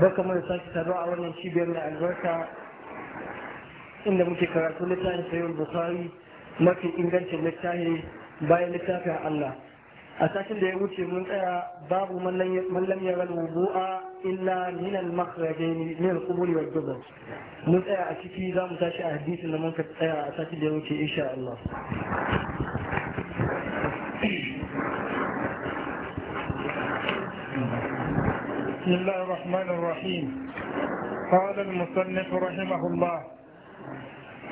barka mu da sake saduwa a wannan cibiyar mai albarka inda muke karatu littafin sayyid bukhari mafi ingancin littafi bayan littafin allah a satin da ya wuce mun tsaya babu mallam ya ran wudu'a illa min al makhrajain min al qubur wal mun tsaya a ciki za mu tashi a hadisin da mun ka tsaya a satin da ya wuce insha Allah بسم الله الرحمن الرحيم قال المصنف رحمه الله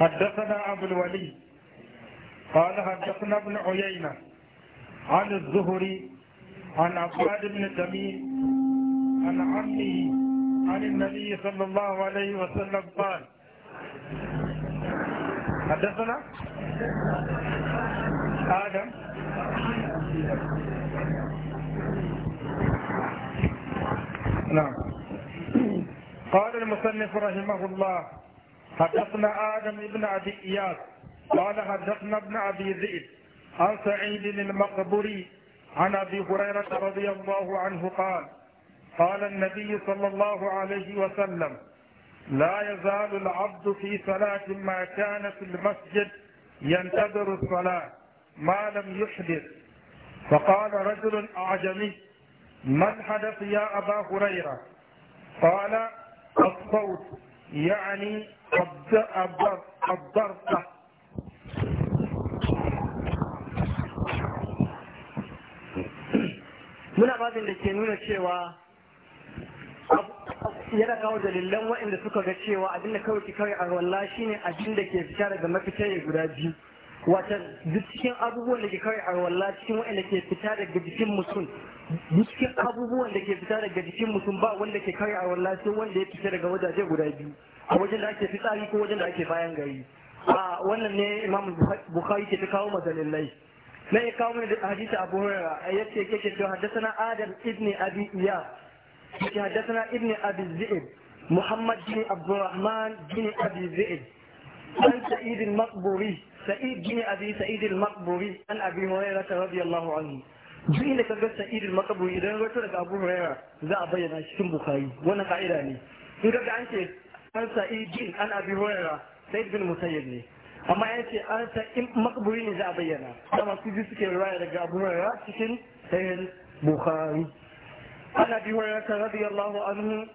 حدثنا أبو الوليد قال حدثنا ابن عيينة عن الزهري عن عباد بن تميم عن عمه عن النبي صلى الله عليه وسلم قال حدثنا آدم نعم قال المصنف رحمه الله حدثنا آدم بن أبي إياس قال حدثنا ابن أبي ذئب عن سعيد المقبري عن أبي هريرة رضي الله عنه قال قال النبي صلى الله عليه وسلم لا يزال العبد في صلاة ما كان في المسجد ينتظر الصلاة ما لم يحدث فقال رجل أعجمي ما الحدث يا أبا هريرة قال الصوت يعني الضرطة muna ba da ke nuna cewa yana kawo dalilan waɗanda suka ga cewa abinda kawai kawai a walla shine abin da ke fita daga mafita guda biyu wata duk cikin abubuwan da ke kawai a walla cikin wa'anda ke fita daga jikin mutum duk cikin abubuwan da ke fita daga jikin mutum ba wanda ke kawai a walla sai wanda ya fita daga wajaje guda biyu a wajen da ake fitsari ko wajen da ake bayan gari a wannan ne imam bukhari ke ta kawo madalilai na ya kawo mana hadisi abu a yace yake cewa haddathana adam ibn abi iyas yake haddathana ibn abi zaid muhammad bin abdurrahman bin abi zaid an sa'id al-maqburi sa'id bin abi sa'id al-maqburi an abi hurairah radiyallahu anhu duk inda ka sa'id al-maqburi idan rawaito daga abu hurairah za a bayyana cikin bukhari wannan ka'ida ne in ka ga an ce an sa'id bin an abi hurairah sa'id bin musayyib ne amma ya ce an sa'id maqburi ne za a bayyana kuma su bi suke riwaya daga abu hurairah cikin sahih bukhari عن ابي هريره رضي الله عنه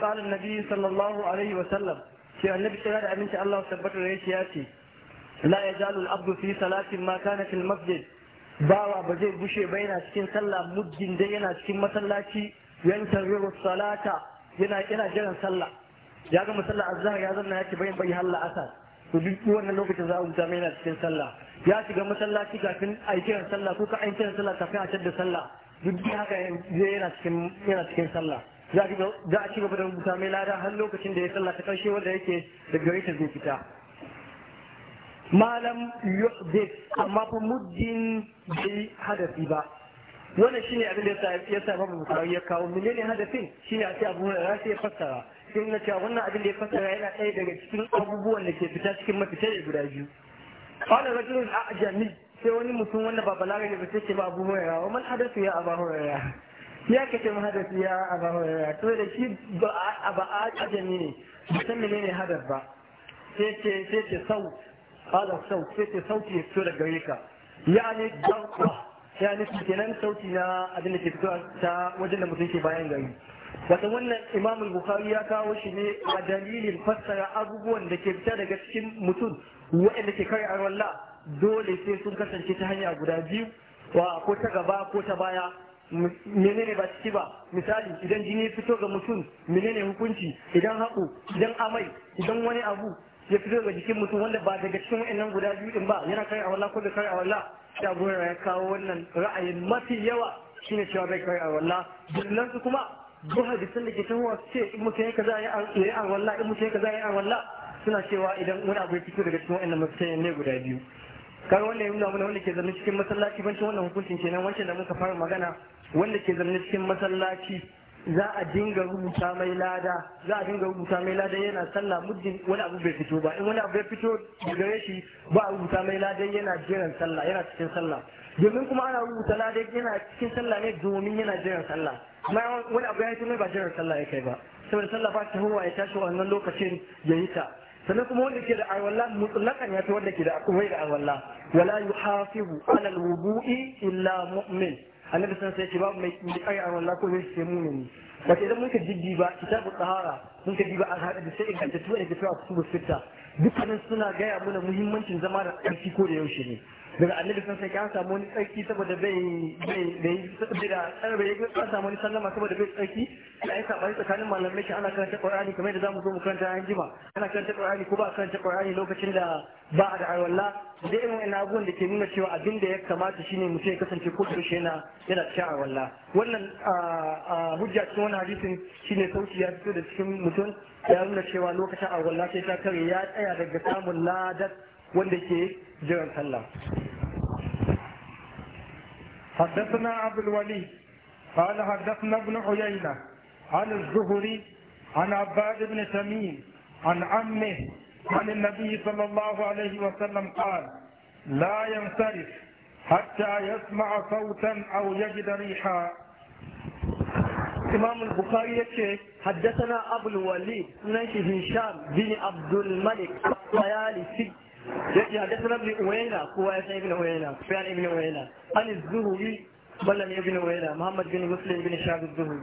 قال النبي صلى الله عليه وسلم في da aminci Allah عليه وسلم الله ثبت ya ياتي la ya jalu salatin ma kana fil masjid bawa ba zai bushe ba yana cikin sallah muddin dai yana cikin masallaci yantaziru salata yana jiran sallah ya ga musalla azhar ya zanna yake bayin bai halla asar to duk wannan lokacin za a huta mai yana cikin sallah ya shiga masallaci kafin a yi kiran sallah ko ka an kiran sallah kafin a tadda sallah duk haka yana cikin sallah za a ci gaba da rubuta mai lada har lokacin da ya sallah ta karshe wanda yake da gare zai fita malam yuhdith amma fa muddin bai hadafi ba wannan shine abin da ya sa babu musawi ya kawo menene hadafin shine a ce abu hurairah sai ya fassara sai na cewa wannan abin da ya fassara yana ɗaya daga cikin abubuwan da ke fita cikin mafita da guda biyu qala rajulun a'jami sai wani mutum wanda ba balaga ne ba sai ce ba abu hurairah wa man hadathu ya abu hurairah ya ka ce hadathu ya abu hurairah to da shi ba a ba ajami ne ba san menene hadaf ba sai ce sai ce sau hada sau sai ko sauti ya fito da gare ka yani danka ya nufi kenan sauti na abin da ke fito ta wajen da mutum ke bayan gari wata wannan imam Buhari ya kawo shi ne a dalilin fassara abubuwan da ke fita daga cikin mutum waɗanda ke kare arwalla dole sai sun kasance ta hanya guda biyu wa ko ta gaba ko ta baya menene ba ciki ba misali idan jini fito ga mutum menene hukunci idan haƙo idan amai idan wani abu ya fito daga jikin mutum wanda ba daga cikin wa'annan guda biyu din ba yana kai a wallah ko bai kai a wallah shi abu ya kawo wannan ra'ayin mafi yawa shine cewa bai kai a wallah dukkan su kuma duk hadisin da ke tahowa su ce in mutum ya kaza ya yi a wallah in mutum ya kaza ya yi a wallah suna cewa idan wani abu ya fito daga cikin wa'annan mafitayen ne guda biyu Kar wannan ya nuna mana wanda ke zama cikin masallaci bancin wannan hukuncin kenan wancan da muka fara magana wanda ke zama cikin masallaci za a dinga rubuta mai lada za a dinga rubuta mai lada yana sallah muddin wani abu bai fito ba in wani abu bai fito daga shi ba a rubuta mai lada yana jiran sallah yana cikin sallah domin kuma ana rubuta lada yana cikin sallah ne domin yana jiran sallah amma wani abu ya fito mai ba jiran sallah ya kai ba saboda sallah ba ta huwa ya tashi wannan lokacin ya yi ta sannan kuma wanda ke da arwalla mutlakan ya ta wanda ke da akwai da arwalla wala yuhafizu ala alwudu'i illa mu'min annabi sun sai ce babu mai tsari a wallah ko ne sai mumini wato idan muka jiddi ba kitabu tsahara mun ka diba an hada da sai ingantattu da kitabul su fitta dukkanin suna gaya mana muhimmancin zama da ƙarfi ko da yaushe ne daga annabi sun sai ya samu wani tsarki saboda bai bai da tsarbe ya samu wani sallama saboda bai tsarki da ai sabani tsakanin malamai shi ana karanta qur'ani kamar da zamu zo mu karanta an jima ana karanta qur'ani ko ba karanta qur'ani lokacin da ba a da aiwalla. da irin ina abubuwan da ke nuna cewa abin da ya kamata shine mutum ya kasance ko yaushe yana yana cikin aiwalla. wannan hujja cikin wannan hadisin shine sauki ya fito da cikin mutum ya nuna cewa lokacin aiwalla sai ta kare ya tsaya daga samun ladar wanda ke jiran sallah حدثنا أبو الوليد قال حدثنا ابن عيينة عن الزهري عن عباد بن تميم عن عمه عن النبي صلى الله عليه وسلم قال لا ينصرف حتى يسمع صوتا أو يجد ريحا إمام البخاري يكي حدثنا أبو الوليد سنة هشام بن عبد الملك الطيالسي يجي حدثنا ابن أوينا هو يسعى ابن أوينا سفيان ابن أوينا عن الزهري بلن ابن أوينا محمد بن مسلم بن شعب الزهري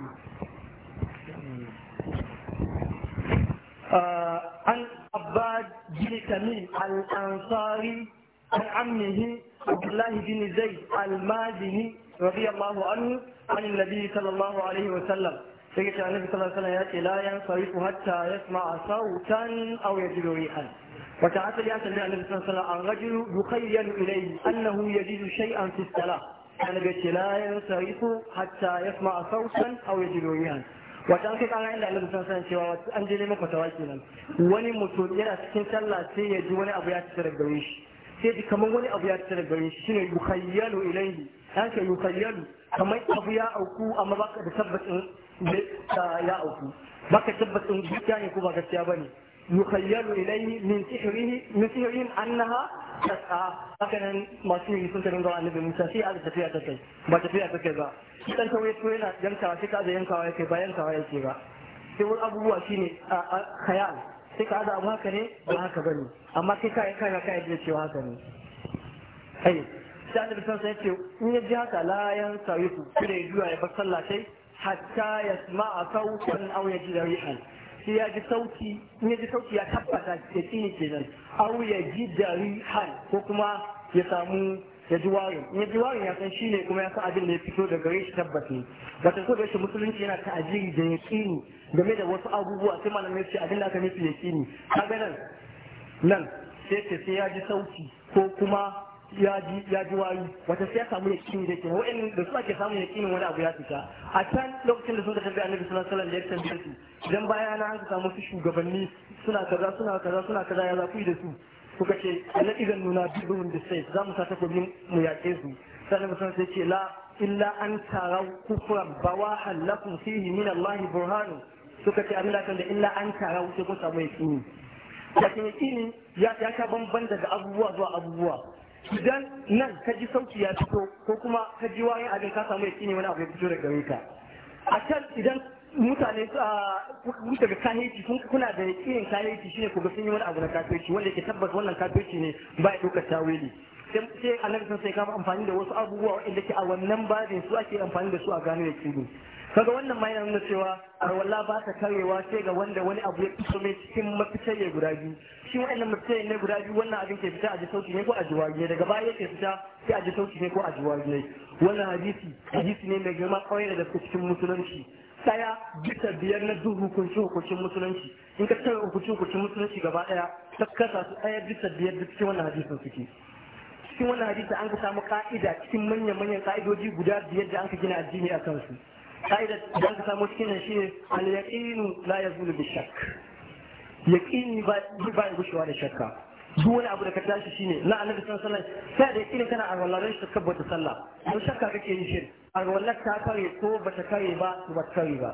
عن عباد بن تميم الأنصاري عن عمه عبد الله بن زيد المازني رضي الله عنه عن النبي صلى الله عليه وسلم يجي النبي صلى الله عليه وسلم لا ينصرف حتى يسمع صوتا أو يجد ريحا وتعالى يا سيدنا النبي صلى الله عليه ya ji يخيل إليه أنه يجد شيئا في الصلاة النبي لا ينصرف حتى يسمع صوتا أو يجد ريحا wata an kai kara inda annabi sun san cewa an je neman fatawa kenan wani mutum yana cikin sallah sai ya ji wani abu ya tsara gare shi sai ji kamar wani abu ya tsara gare shi shine yukhayyalu ilayhi an ce yukhayyalu kamar abu ya auku amma baka da tabbacin ya auku baka tabbacin gaskiya ne ko ba gaskiya bane يخيل إليه من سحره من سحرهم أنها تسعى هكذا ما شيء يكون تنظر عن النبي موسى في هذا تفيع تكي ما تفيع تكي با كان كوي كوينا ينكا سيكا ذا ينكا يكي با ينكا يكي با سيقول أبوه شيني خيال سيكا هذا أبو هكا ني أبو هكا بني أما كيكا يكا يكا يجي شو هكا ني أي طيب. سأل النبي صلى الله عليه وسلم إن يجي هكا لا ينسى يكو كده يجوا يبقى صلى شيء حتى يسمع صوتا أو يجد ريحا sai ya ji sauti in ya ji sauti ya tabbata ya tsini kenan au ya ji dari hal ko kuma ya samu ya ji warin in ya ji warin ya san shine kuma ya san abin da ya fito daga gare shi tabbas ne ta ko shi musulunci yana ta'ajiri da ya kini game da wasu abubuwa sai malamai su abin da aka nufi yaqini kaga nan nan sai ce sai ya ji sauti ko kuma ya ji wayu wata sai ya samu ya kini da ke wa'in da su ake samu ya kini wani abu ya fita a can lokacin da sun tafi annabi sallallahu alaihi wasallam da ya tambaye su idan baya na an samu su shugabanni suna kaza suna kaza suna kaza ya zaku yi da su kuka ce na idan nuna bidun da sai za mu sa takobin mu yaƙe su sannan musamman sai ce la illa an tara kufran wa halakun fihi min Allah burhanu suka ce abin da kan da illa an tara sai kun samu ya kini ya kini ya ta bamban daga abubuwa zuwa abubuwa idan nan ka ji sauki ya fito ko kuma ka ji wayan abin ka samu yaki ne wani abu ya fito daga gare ka a can idan mutane ah, kun ga kahirci sun kuna da yakin kahirci shine ku ga sun yi wani abu na kafirci wanda yake tabbas wannan kafirci ne ba ya ɗaukar tawili sai a nan sun sai kama amfani da wasu abubuwa wanda ke a wannan babin su ake amfani da su a gano yaki ne kaga wannan ma yana nuna cewa arwalla ba ta karewa sai ga wanda wani abu ya fito mai cikin ya guda biyu shi wa'annan mafitar ne guda biyu wannan abin ke fita a ji sauki ne ko a ji ne daga baya ke fita sai a ji sauki ne ko a ji ne wannan hadisi hadisi ne mai girma kawai gaske cikin musulunci daya bisa biyar na duk hukunci hukuncin musulunci in ka tare hukunci hukuncin musulunci gaba daya ta kasa su daya bisa biyar duk cikin wannan hadisin suke cikin wannan hadisi an ka samu ka'ida cikin manyan manyan ka'idoji guda biyar da an ka gina addini a kansu ka'idar da aka samu cikin nan shine al-yaqinu la yazulu bi shakk yaqini ba ba gushewa da shakka duk wani abu da ka tashi shine la annabi sallallahu alaihi wasallam sai da yaqini kana arwallar shi ka bata sallah don shakka kake yin shi arwallar ta kare ko bata kare ba ba kare ba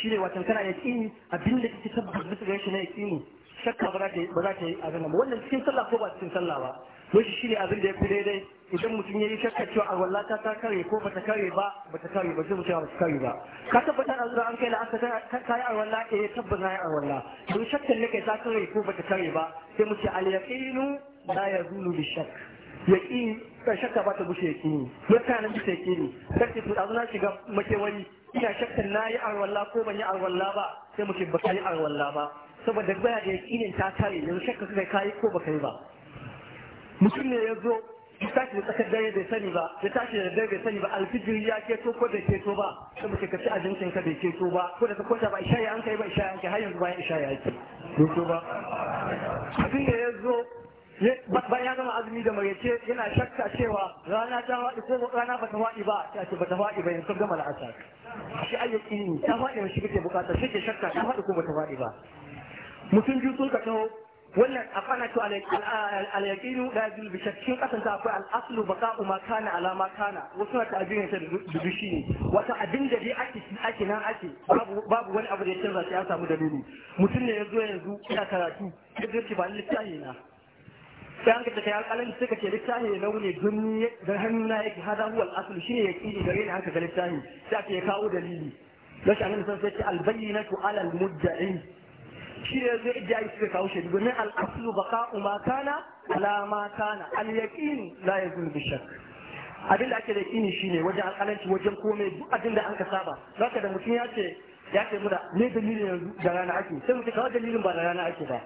shine watan kana yaqini abinda kake tabbata bisa ga shi na yaqini shakka ba za ta yi a nan wannan cikin sallah ko ba cikin sallah ba shi ne abin da ya fi daidai idan mutum ya yi shakka cewa alwala ta ta kare ko bata kare ba bata kare ba zai mutum ba ta kare ba ka tabbata da zuwa an kai la'asa ta yi alwala ya eh, tabbata na yi walla don shakkan ne kai ta kare ko bata kare ba sai mu ce al-yaqinu ya zulu bi shak yaqin ka shakka ba ta bushe ya yaqini yaka nan bisa yaqini ce ku azuna shiga makewari ina shakkan na yi walla ko ban yi walla ba sai mu ce ba ka yi walla ba saboda baya da yaƙinin ta kare yanzu shakka kai kai ko ba yi ba mutum ne ya zo ya tashi da tsakar dare bai sani ba ya tashi da dare bai sani ba alfijiri ya keto ko bai keto ba sai ka kafi abincin ka bai keto ba ko da ka kwanta ba ya an kai ba ya an kai har yanzu bayan ya ake keto ba abin da ya zo bayan ya gama azumi da marece yana shakka cewa rana ta faɗi ko rana ba ta faɗi ba ta ce ba ta faɗi ba yanzu gama la'asar shi ayyuki ne ta faɗi mashi kake bukata shi ke shakka ta faɗi ko ba ta faɗi ba mutum biyu sun ka taho wannan kwana to yaqinu da bil bishakkin kasan ta akwai al-aslu baqa'u ma kana ala ma kana wasu na ta'abirin ta shi ne wata abin da dai ake ake nan ake babu wani abu da ya canza sai an samu dalili mutum ne ya zo yanzu ina karatu ya ce ba littafi na sai an kace kai alƙalin suka ce littafi ne launi don da hannuna yake hada huwa al-aslu shine yaqini gare ni haka ga littafi sai ake kawo dalili gashi annabi sai ce al-bayyinatu ala al-mudda'i shi ne zai iya yi suka kawo shi domin al'aslu baka umma kana alama kana al-yaqin la yazul bi shakk abin da ake da yakini shine wajen alƙalanci wajen komai duk abin da an ka saba zaka da mutum ya ce ya ce muna ne dalilin yanzu da rana ake sai mutum kawai dalilin ba da rana ake ba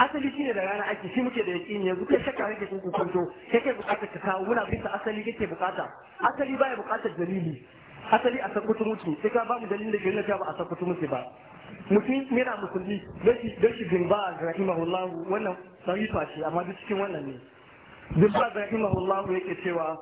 asali shine da rana ake shi muke da yakini yanzu kai shakka kake kun kokonto kai kai bukatar ka kawo muna bisa asali kake bukata asali baya bukatar dalili asali a sakkutu mutum sai ka ba mu dalilin da ke ta ba a sakkutu mutu ba mutum yana musulmi don shi bin ba rahimahullahu wannan sami ce amma duk cikin wannan ne bin ba rahimahullahu yake cewa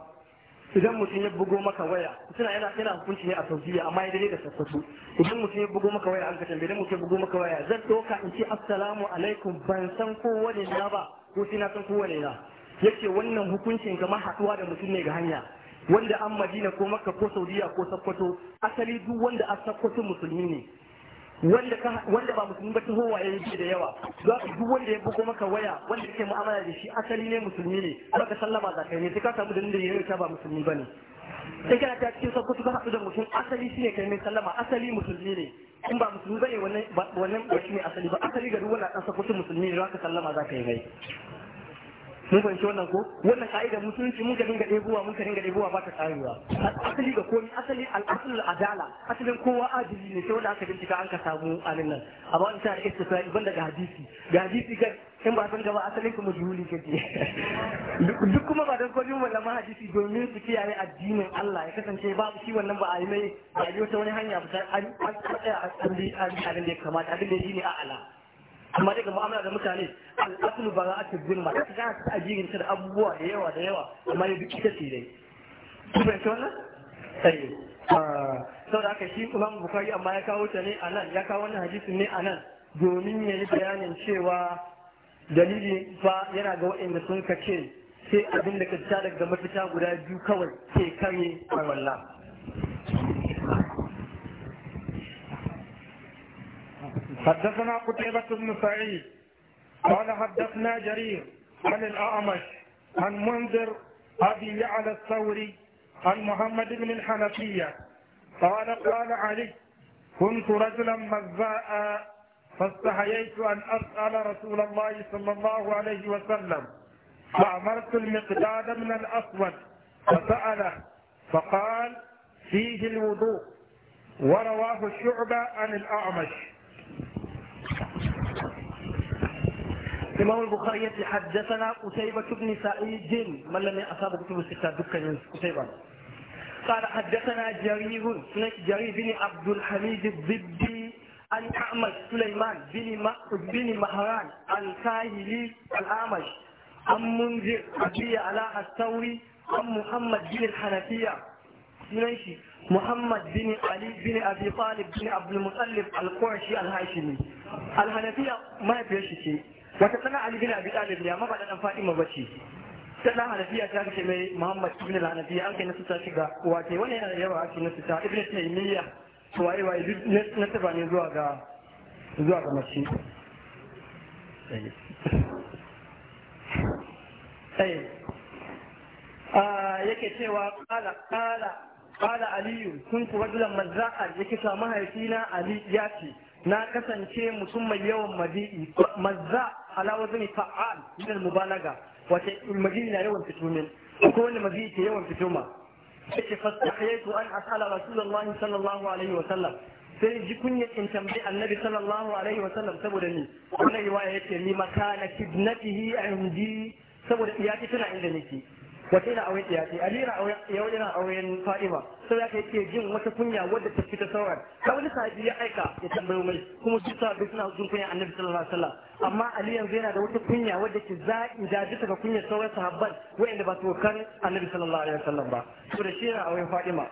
idan mutum ya bugo maka waya suna yana yana hukunci ne a saudiya amma ya dare da sassatu idan mutum ya bugo maka waya an ka bai, idan mutum ya bugo maka waya zan doka in ce assalamu alaikum ban san kowane na ba ko sai na san kowane na yace wannan hukuncin kamar haɗuwa da mutum ne ga hanya wanda an madina ko makka ko saudiya ko sakkwato asali duk wanda a sakkwato musulmi ne wanda ba musulmi ba tahowa ya yi da yawa za ka duk wanda ya bugo maka waya wanda kake mu'amala da shi asali ne musulmi ne baka sallama za ka ne sai ka samu dalilin da yayin ba musulmi bane sai kana ta cikin sauko ka haɗu da mutum asali shine kai mai sallama asali musulmi ne in ba musulmi bane wannan wannan ba shine asali ba asali ga duk wanda sa kutu musulmi ne za ka sallama za ka yi mai mun fahimci wannan ko wannan ka'idar musulunci mun ka dinga ɗebowa mun ka dinga ɗebowa ba ta karewa asali ga komai asali al'asul adala asalin kowa adili ne sai wanda aka bincika an ka samu anin nan amma wani sa'ar da istisna iban daga hadisi ga hadisi ga in ba san gaba asalin kuma juhuli kake duk kuma ba don kwajin wannan ma hadisi domin su kiyaye addinin Allah ya kasance babu shi wannan ba a yi mai ba a yi wata wani hanya ba an tsaya a abin da ya kamata abin da ya shi ne a'ala amma daga mu'amala da mutane al'aslu ba za a tabbin ma ta kana a ajirin ta da abubuwa da yawa da yawa amma ya biki ta dai ku ta wannan sai ah, sau da aka shi imam bukari amma ya kawo ta ne a nan ya kawo wannan hadisin ne a nan domin ya yi bayanin cewa dalili fa yana ga waɗanda sun ka ce sai abin da ka daga mafita guda biyu kawai ke kare a حدثنا قتيبة بن سعيد قال حدثنا جرير عن الأعمش عن منذر أبي يعلى الثوري عن محمد بن الحنفية قال قال علي كنت رجلا مزاء فاستحييت أن أسأل رسول الله صلى الله عليه وسلم فأمرت المقداد من الأسود فسأله فقال فيه الوضوء ورواه الشعبة عن الأعمش الإمام البخاري حدثنا قتيبة بن سعيد من لم أصاب كتب الستة دكا قتيبة قال حدثنا جرير جرير بن عبد الحميد الضبي عن أعمش سليمان بن بن مهران عن ساهلي الأعمش عن منذر أبي علاء الثوري عن محمد بن الحنفية سنيشي محمد بن علي بن أبي طالب بن عبد المطلب القرشي الهاشمي الحنفية ما في شيء wata tsana Ali bin Abi Talib ne amma ba dan Fatima bace sannan hanafiya ta kace mai Muhammad ibn al-Hanafiya an kai nasu ta shiga wace wani yana da yawa ake nasu ta ibn Taymiyyah to waye waye na taba ne zuwa ga zuwa ga mace sai ah, yake cewa kala kala kala aliyu kun kuwa dulan mazza'ar yake sa mahaifina ali ya ce na kasance mutum mai yawan madi'i mazza ala wazni fa'al min al mubalaga wace madi'i na yawan fitumin ko wani madi'i ke yawan fituma sai fastahiyatu an asala rasulullahi sallallahu alaihi wa sallam sai ji kunyar in tambayi annabi sallallahu alaihi wa sallam saboda ni wannan riwaya yace ni makana kidnatihi a saboda iyaki tana inda nake wata yana auren iyaki ali yana auren yana auren fa'ima sai yake yake jin wata kunya wadda ta fita sauran ka wani sahabi ya aika ya tambayo mai kuma duk sahabi suna jin kunya annabi sallallahu alaihi wasallam amma ali yanzu yana da wata kunya wadda ke za'i da duka ga kunyar sauran sahabban wayanda ba su kan annabi sallallahu alaihi ba to da shi yana auren fa'ima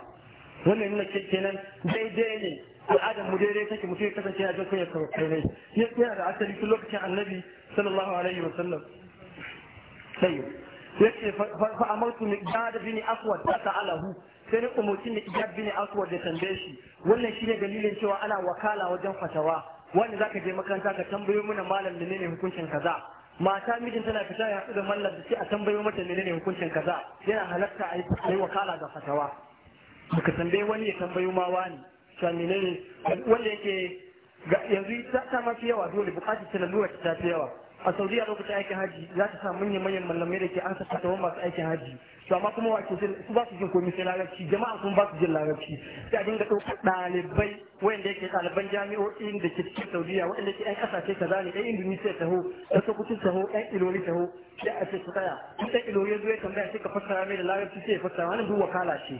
wannan nuna kenan daidai ne al'adar mu daidai take mutum ya kasance a jin kunyar sauran yana da asali tun lokacin annabi sallallahu alaihi wasallam sai yake fa amartu ni ijad bin aswad ta Alahu, sai ni umurci ni ijad bin aswad da tambaye shi wannan shine dalilin cewa ana wakala wajen fatawa wanda zaka je makaranta ka tambayo mana malam da hukuncin kaza mata mijin tana fita ya haɗu da da sai a tambayo mata menene hukuncin kaza yana halatta a yi wakala ga fatawa baka tambaye wani ya tambayo ma wani cewa menene wanda yake yanzu ta ma fi yawa dole bukatar ta lalura ta fi yawa a saudiya lokacin aikin haji za ta sa manyan manyan mallamai da ke an saka ta masu aikin haji to amma kuma wa ke su ba su jin komai sai larabci jama'a kuma ba su jin larabci sai a dinga ɗauka ɗalibai wanda yake ɗaliban jami'o'in da ke cikin saudiya wanda ke ƴan ƙasashe ka ne ɗan indonesia taho ɗan sokoto taho ɗan ta taho sai a ce su tsaya ɗan iloli ya zo ya tambaya sai ka fassara mai da larabci sai ya fassara wani duk wakala ce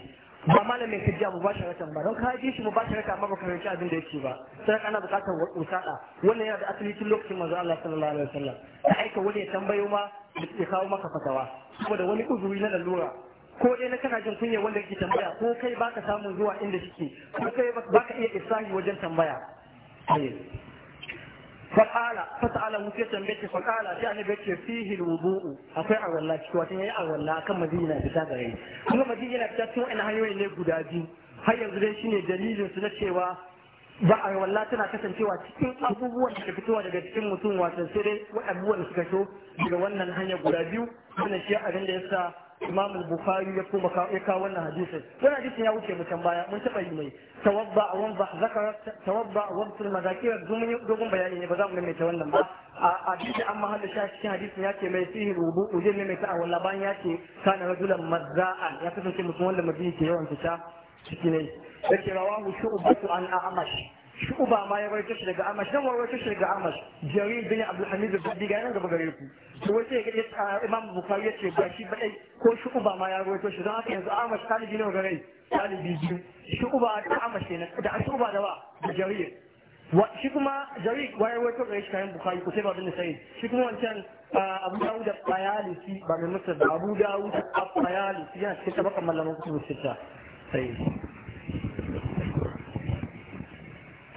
ba malamin mu bashi rakan ba don ka ji shi bashi amma ba karanci abin da yake ba sai kana bukatar usada wannan yana da asali tun lokacin manzo Allah sallallahu alaihi wasallam da aika wani ya tambayo ma ya kawo maka fatawa saboda wani uzuri na lalura ko dai na kana jin kunya wanda yake tambaya ko kai baka samun zuwa inda kike ko kai baka iya isahi wajen tambaya فقال فتعالى مكيتا بيتي فقال يعني بيتي فيه الوضوء akwai awalla ciki yi yayi awalla kan madina fita gare kuma madina fita cikin wani hanyoyi ne guda biyu har yanzu dai shine dalilin su na cewa ba a walla tana kasancewa cikin abubuwan da fitowa daga cikin mutum wato sai dai abubuwan da suka so daga wannan hanyar guda biyu wannan shi abin da yasa imam al-bukhari ya kuma ya kawo wannan hadisin wannan hadisin ya wuce mutan baya mun taba yi mai tawadda wa ba zakara tawadda wa sul madakir dogon bayani ne ba za mu mai wannan ba a hadisi an mahalla shi cikin hadisin ya ce mai fihi rubu uje ne mai ta'a walla ban ya ce kana rajulan mazza'an ya kasance mutum wanda madini ke yawan fita ciki ne yake rawahu shu'batu an a'mash shuba ma ya rawaito shi daga amash dan rawaito shi daga amash jarir bin abdul hamid bin ga nan gaba gare ku to wace sai ga imam bukhari ya ce ba shi ba ko shuba ma ya rawaito shi don haka yanzu amash talibi ne gare talibi shi shuba da amash ne da shuba da wa da jarir shi kuma jarir wa ya rawaito gare shi kayan bukhari ko sai ba bin sai shi kuma wancan abu dawud da shi ba mai musa da abu dawud da bayalisi yana cikin tabakan malaman kutubu sita sai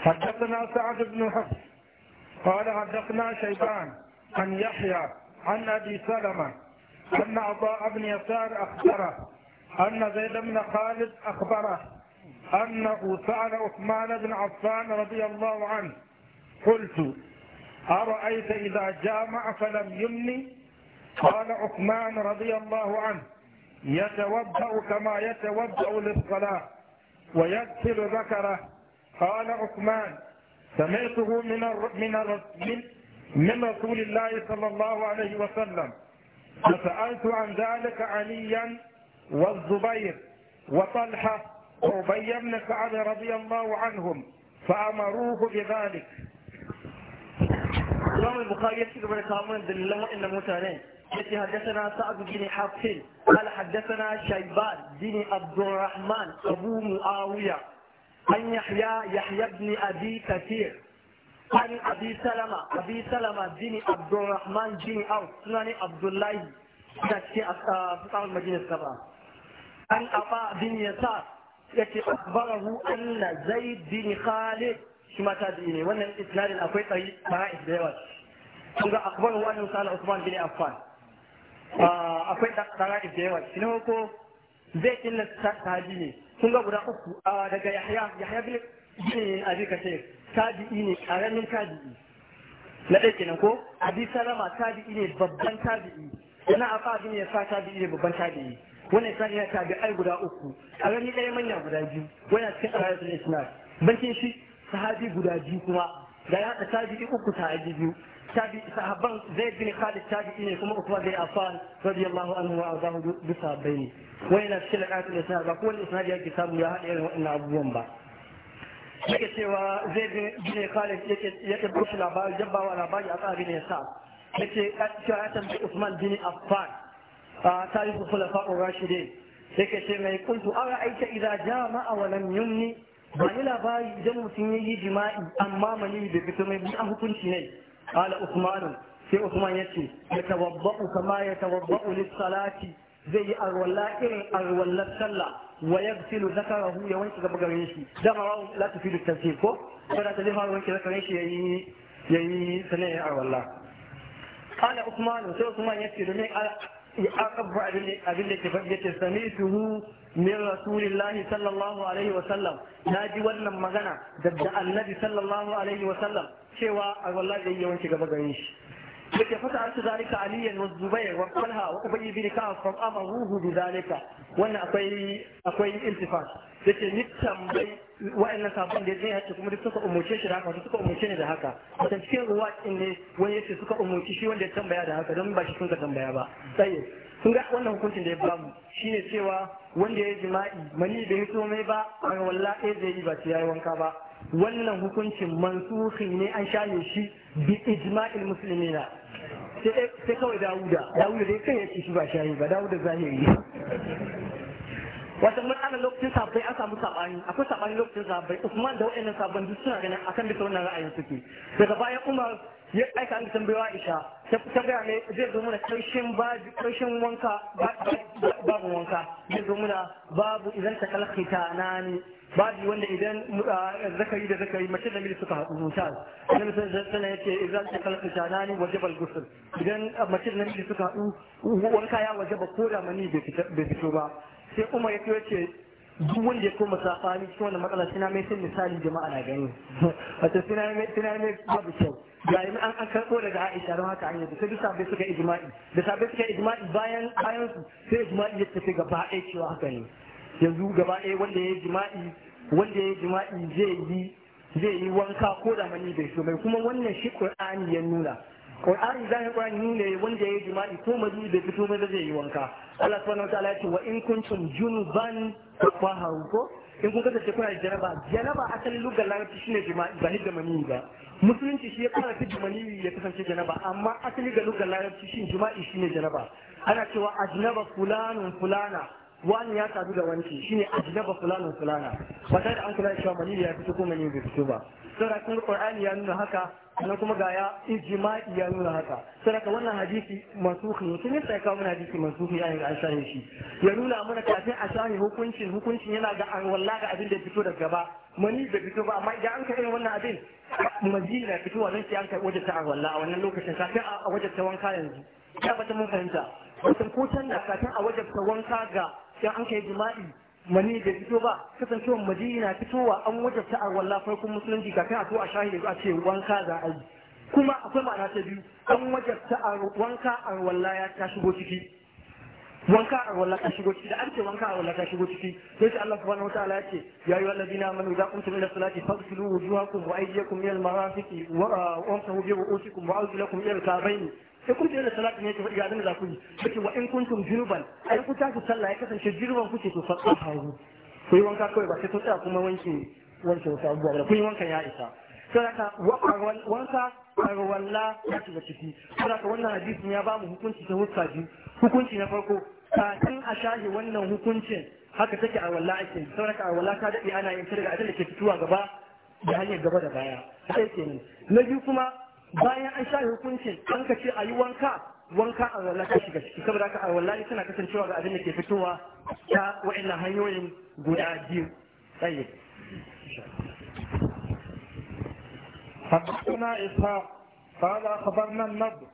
حدثنا سعد بن حفص قال حدثنا شيبان عن يحيى عن أبي سلمة أن عطاء بن يسار أخبره أن زيد بن خالد أخبره أنه سأل عثمان بن عفان رضي الله عنه قلت أرأيت إذا جامع فلم يمني قال عثمان رضي الله عنه يتوضأ كما يتوضأ للصلاة ويغسل ذكره قال عثمان سمعته من من من رسول الله صلى الله عليه وسلم فسألت عن ذلك عليا والزبير وطلحة وأبي بن سعد رضي الله عنهم فأمروه بذلك الإمام البخاري يكتب بن كامل الله إن موسى عليه حدثنا سعد بن حفص قال حدثنا شيبان بن عبد الرحمن أبو معاوية an yaya yahya ibn abi kathir an abi salama abi salama bin abdurrahman bin aw sunani abdullahi kace a fitan madinar saba an afa bin yasa yace akbarahu anna zaid bin khalid shi mata dini wannan isnadin akwai tsayi fara idewa kun ga akbarahu anna sal usman bin affan akwai tsara idewa kino ko zai tilasta tajini sun ga guda uku daga yahya yahya bin bin abi kasir tabi'i ne karamin tabi'i na ɗaya kenan ko abi salama tabi'i ne babban tabi'i yana afa bin yasa tabi'i ne babban tabi'i wannan sai ya ai guda uku karamin ɗaya manya guda biyu wannan cikin arayatul suna, bankin shi sahabi guda biyu kuma da ya haɗa tabi'i uku sahabi biyu tabi sahabban zaid bin khalid tabi'i ne kuma usman bin affan radiyallahu anhu wa arzahu bi sahabbai ne wai na cikin lakatul isnad ba kowane isnad ya ke samu ya haɗa irin waɗannan abubuwan ba yake cewa zai bin khalid yake yake bushi labari jabbawa labari a tsari ne sa yake cewa ya tambayi usman bin affan tarihu khulafa'ur rashidin yake ce mai kuntu ara aita idza jama'a wa lam yumni ba ni labari idan mutum ya yi jima'i amma mani bai fito mai an hukunci ne قال عثمان sai Usman ya ce ya tawabba'u kama ya tawabba'u lissalati zai yi arwalla irin arwallar sallah wa ya filu zakarahu ya wanke gaba garin shi dama rawu la ta filu tafsir ko ko da ta zai fara wanke zakarin shi yayi yayi sanayin arwalla kana Usman sai Usman ya ce domin ya akabba abin da ke faɗi yace samituhu min rasulillahi sallallahu alaihi wa sallam wannan magana daga annabi alaihi wa sallam cewa a wallahi zai yawanci gaba garin shi yake fata arsu zalika aliyan wa zubair wa talha wa ubay ibn ka'ab fa amaruhu bi zalika wannan akwai akwai intifas yace ni tambayi wa'annan sabon da zai hace kuma duk suka umurce shi da haka suka umurce ne da haka wata cikin ruwa ne wani yace suka umurci shi wanda ya tambaya da haka don ba shi sun ka tambaya ba sai sun ga wannan hukuncin da ya bamu ne cewa wanda ya yi jima'i mani bai so mai ba a ga walla ɗaya zai yi ba ya yayi wanka ba wannan hukuncin mansuhi ne an shaye shi bi ijma'il na sai kawai dawuda dawuda dai kai ya ce shi ba shaye ba dawuda zahiri wata matsala lokacin sabbai an samu sabani akwai sabani lokacin sabbai usman da wa'annan sabbin duk suna ganin akan bisa wannan ra'ayin suke daga bayan umar ya aika an tambayawa Aisha ta gaya mai zai zo mana karshen babu karshen wanka babu wanka zai zo mana babu idan ta na ne babu wanda idan zakari da zakari mace da miji suka haɗu misal idan sallallahu ya ce idan ta kalkhita nani waje al-ghusl idan mace da miji suka haɗu wanka ya waje ba ko da mani bai fito ba sai Umar ya ce duk wanda ya koma safani cikin wannan matsala suna mai sun misali jama'a na gani wato suna mai suna mai babu kyau ga yi an karɓo daga Aisha don haka an yi sai duk sabbai suka ijma'i da sabbai suka ijma'i bayan bayan su sai ijma'i ya tafi gaba ɗaya cewa haka ne yanzu gaba ɗaya wanda ya jima'i wanda ya jima'i zai yi zai yi wanka ko da mani bai so mai kuma wannan shi ƙur'ani ya nuna Qur'ani yi Qur'ani ne wanda ya yi jima'i ko mazi bai fito maza zai yi wanka Allah subhanahu wa ta'ala ya ce wa in kuntum junuban faharu ko in kun kasance kuna da janaba janaba asalin lugar larabci shine jima'i ba ni da mani ba musulunci shi ya fara fidda mani ya kasance janaba amma asali ga lugar larabci shine jima'i shine janaba ana cewa ajnaba fulanun fulana wani ya sadu da wanci shine ajnaba fulanun fulana ba tare da an kula cewa mani ya fito ko mani bai fito ba saboda kun Qur'ani ya nuna haka sannan kuma ga ya ijma'i ya nuna haka ka wannan hadisi mansuhi ne kin sai kawo mana hadisi mansuhi a an shahi shi ya nuna mana kafin a shahi hukuncin hukuncin yana ga an walla ga abin da fito daga gaba mani da fito ba amma idan an ka irin wannan abin maji na fitowa nan sai an kai wajen ta an walla a wannan lokacin kafin a wajen ta wanka yanzu ya bata mun fahimta wasan ko can da kafin a wajen ta wanka ga sai an kai jima'i mani da fito ba kasancewar maji na fitowa an wajabta a walla farkon musulunci kafin a a shahi da a ce wanka za a yi kuma akwai ma'ana ta biyu an wajabta a wanka a walla ya ta shigo ciki wanka a walla ka shigo ciki da an ce wanka a walla ka shigo ciki sai Allah subhanahu wataala ya ce ya ayyuhal ladina amanu idza qumtum ila salati faghsilu wujuhakum wa aydiyakum ila al-marafiqi wa amsahu bi ru'usikum wa arjulakum ila al-ka'bayn sai kun tsaye da salati ne ga abin da za ku yi kace wa in kuntum junuban ai ku tafi sallah ya kasance junuban kuke to fasaha ku yi wanka kawai ba sai kun tsaya kuma wanke wanke wasu abubuwa ba kun yi wankan ya isa saraka wanka arwalla ya shiga ciki saraka wannan hadisin ya ba mu hukunci ta huska biyu hukunci na farko kafin a shahi wannan hukuncin haka take arwalla ake yi saraka arwalla ta daɗe ana yin daga adal da ke fitowa gaba da hanyar gaba da baya sai kenan na biyu kuma bayan an shahi hukuncin an ka ce a yi wanka wanka arwalla ta shiga ciki saboda haka arwalla ne tana kasancewa ga abin da ke fitowa ta wa'annan hanyoyin guda biyu tsaye حدثنا إسحاق قال أخبرنا النضر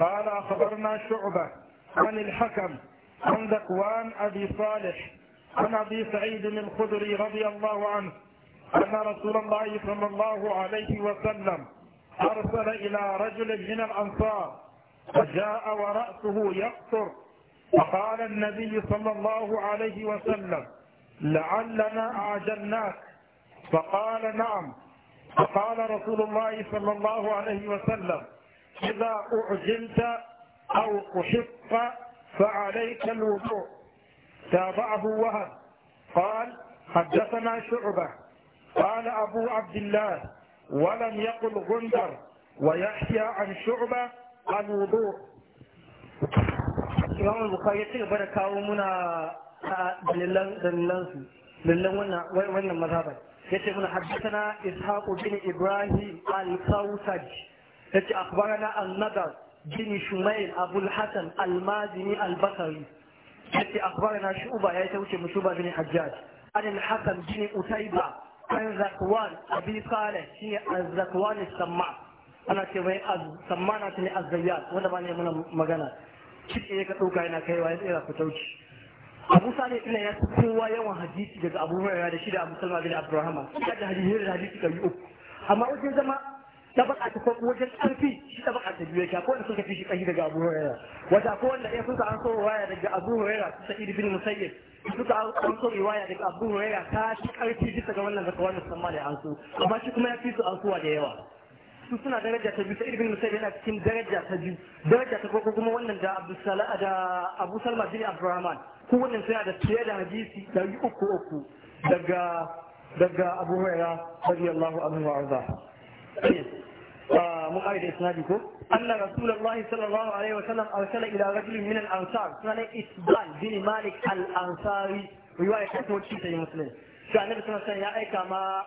قال أخبرنا شعبة عن الحكم عن ذكوان أبي صالح عن أبي سعيد الخدري رضي الله عنه أن رسول الله صلى الله عليه وسلم أرسل إلى رجل من الأنصار فجاء ورأسه يقطر فقال النبي صلى الله عليه وسلم لعلنا أعجلناك فقال نعم فقال رسول الله صلى الله عليه وسلم إذا أعجلت أو أحق فعليك الوضوء تابعه وهب قال حدثنا شعبة قال أبو عبد الله ولم يقل غندر ويحيى عن شعبة الوضوء Imam Bukhari ya ci gaba da kawo muna dalilan wannan mazhabar. yace mun haddathana ishaq bin ibrahim al-kawsaj yace akhbarana an-nadar bin shumayl abu al-hasan al-mazini al-basri yace akhbarana shu'ba ya tauce mu shu'ba bin hajjaj an al-hasan bin utayba an zakwan abi salih shi az-zakwan as-samma ana ce mai samma na ne az wanda ba magana ka yana kaiwa ya tsira ku abu sale ina ya kowa yawan hadisi daga abu hurairah da shi da abu bin abdurrahman suka da hadisi da hadisi kan uku amma wajen zama tabaka ta farko wajen karfi shi tabaka ta biyu ya ko wanda suka fi shi kai daga abu hurairah wata kowanne wanda ya suka an so riwaya daga abu hurairah su sa'id bin musayyib suka an so riwaya daga abu hurairah ta shi karfi bisa ga wannan zakawa da samma da an so amma shi kuma ya fi su an suwa da yawa su suna daraja ta biyu sai ibn musayyib yana cikin daraja ta biyu daraja ta farko kuma wannan da abdusala da abu salma bin abdurrahman kowanne suna da fiye da hadisi ɗari uku uku daga daga abu huraira radiyallahu anhu wa arda eh, ah, mun ƙari da isnadi ko anna rasulullahi sallallahu alaihi wa sallam arsala ila rajulin min al-ansar sunan isban bin malik al-ansari riwaya ta ta ta yi musulmi ga annabi sallallahu alaihi ya aika ma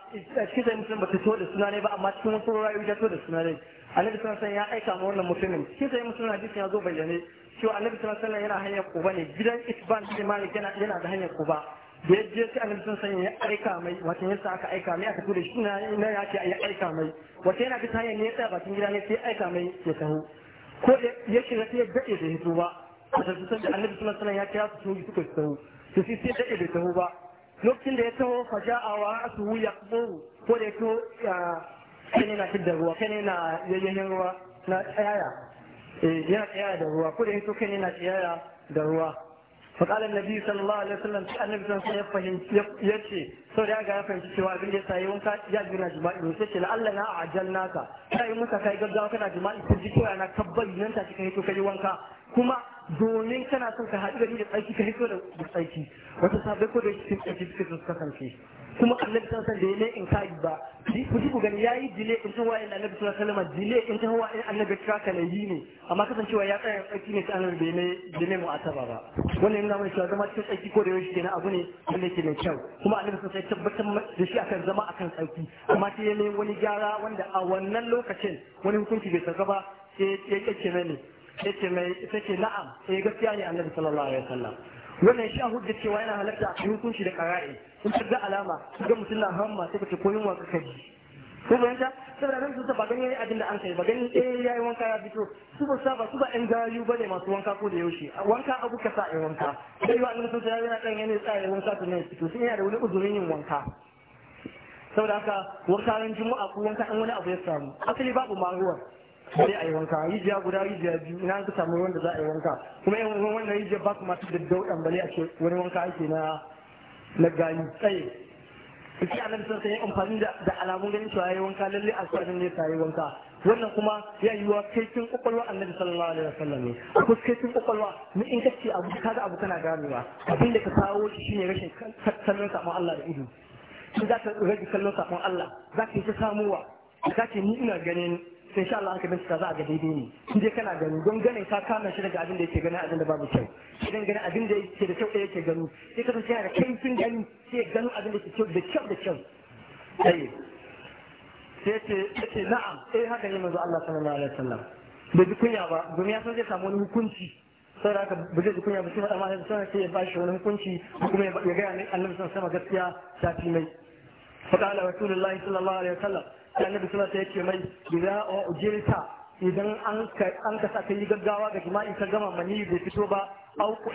shi eh, da ba bata to da suna ne ba amma cikin wasu rayu ta to da suna ne annabi sallallahu alaihi ya aika ma wannan mutumin shi da musulmi hadisi ya zo bayyane cewa annabi sallallahu alaihi yana hanyar kuba ne gidan isban sai ma yana da hanyar kuba da ya je sai annabi sallallahu alaihi ya aika mai wato yasa aka aika mai aka tura shi na ya ce ya aika mai wato yana bisa hanyar ne ya tsaya bakin gida ne sai aika mai ya taho ko ya shiga sai ya dade da hito ba wato su san annabi sallallahu alaihi ya kira su su yi suka taho su sai sai dade da taho ba lokacin da ya taho faja'a wa ya yaqburu ko da ya taho kai ne na fidda ruwa kai ne na yayyan ruwa na tsaya Eh, yana tsaya da ruwa ko da kai kan yana tsaya da ruwa fa Nabi sallallahu alaihi wasallam annabi sun alaihi wasallam ya ce yace sau da ga ya fahimci cewa abin da ya sayi wanka ya jira jima'i ne sai la Allah na ajalna ka sai muka kai gaggawa kana jima'i kun ji kira na kabbali nan ta kika hito kai wanka kuma domin kana son ka haɗu da ni da tsaki ka hito da tsaki wata sabai ko da shi cikin tsaki suka kasance kuma annabi sun san da ya in kaji ba ku ji ku gani yi dile in ta wa'in annabi sun san wasallam dile in jin wa'in annabi ka na yi ne amma kasancewa ya tsaya tsaki ne ta annabi da ne da ne mu'ataba ba wannan yana mai cewa zama cikin tsaki ko da yaushe kenan abu ne wanda yake mai kyau kuma annabi sun san tabbatar da shi akan zama akan tsaki amma sai ya nemi wani gyara wanda a wannan lokacin wani hukunci bai saka ba sai ya kike ne sai mai sai na'am sai eh gaskiya ne annabi sallallahu alaihi wasallam wannan shi a hujjar cewa yana halarta a hukunci da qara'i in ka ga alama ka ga mutum na hamma sai ka ce koyin wa ka kaji ko bayanta saboda nan su ba ganin abin da an kai ba ganin eh yi wanka ya fito su ba saba su ba ɗan gayu ne masu wanka ko da yaushe wanka abu ka sa yi wanka sai wa annabi sun yana kan yanayi yana yi wanka to ne fito sun yana da wani uzurin yin wanka saboda haka wanka ran juma'a ko wanka an wani abu ya samu asali babu maruwa sai a yi wanka rijiya guda rijiya biyu ina ka samu wanda za a yi wanka kuma yan wannan rijiya ba kuma su da daudan bane a ce wani wanka ake na na gani tsaye shi a nan sai amfani da alamun ganin cewa yayi wanka lalle a sanin ne sai wanka wannan kuma ya yiwa kai kin kokolwa annabi sallallahu alaihi wasallam ne ko kai kin kokolwa ni in kace abu kaga abu kana ganewa abinda ka kawo shi shine rashin kallon sakon Allah da ido shi za ka rage kallon sakon Allah za ka yi ta samuwa ka ni ina ganin sai sha Allah an ka bincika za a ga daidai ne in dai kana gani don ganin ka kama shi daga abin da yake gani abin da babu kyau idan gani abin da yake da kyau da yake gani sai ka tsaya da kaifin gani sai ya gano abin da yake kyau da kyau da kyau sai ce ce na'am eh haka ne manzo Allah sallallahu alaihi wasallam bai duk kunya ba domin sai zai samu wani hukunci sai da ka bude duk kunya ba sai amma sai sai ya bashi wani hukunci kuma ya ga annabi sallallahu alaihi wasallam gaskiya ta fi mai fa qala rasulullahi sallallahu alaihi wasallam annabi suna ta yake mai idan ujirta idan an ka sa ka yi gaggawa ga jima'i ka gama mani bai fito ba au ku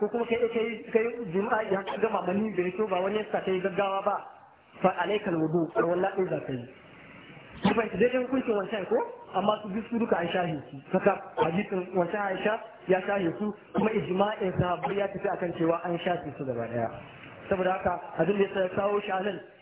ko kuma kai kai kai jima'i ya ka gama mani bai fito ba wani yasa ta yi gaggawa ba fa alaikal wudu wallahi ɗin za ka yi su bai ta daidai hukuncin wancan ko amma su bi su duka an shahi su saka hadisin wancan aisha ya shahi su kuma ijma'in sahabbai ya tafi akan cewa an shafe su gaba daya saboda haka abin da ya kawo shi a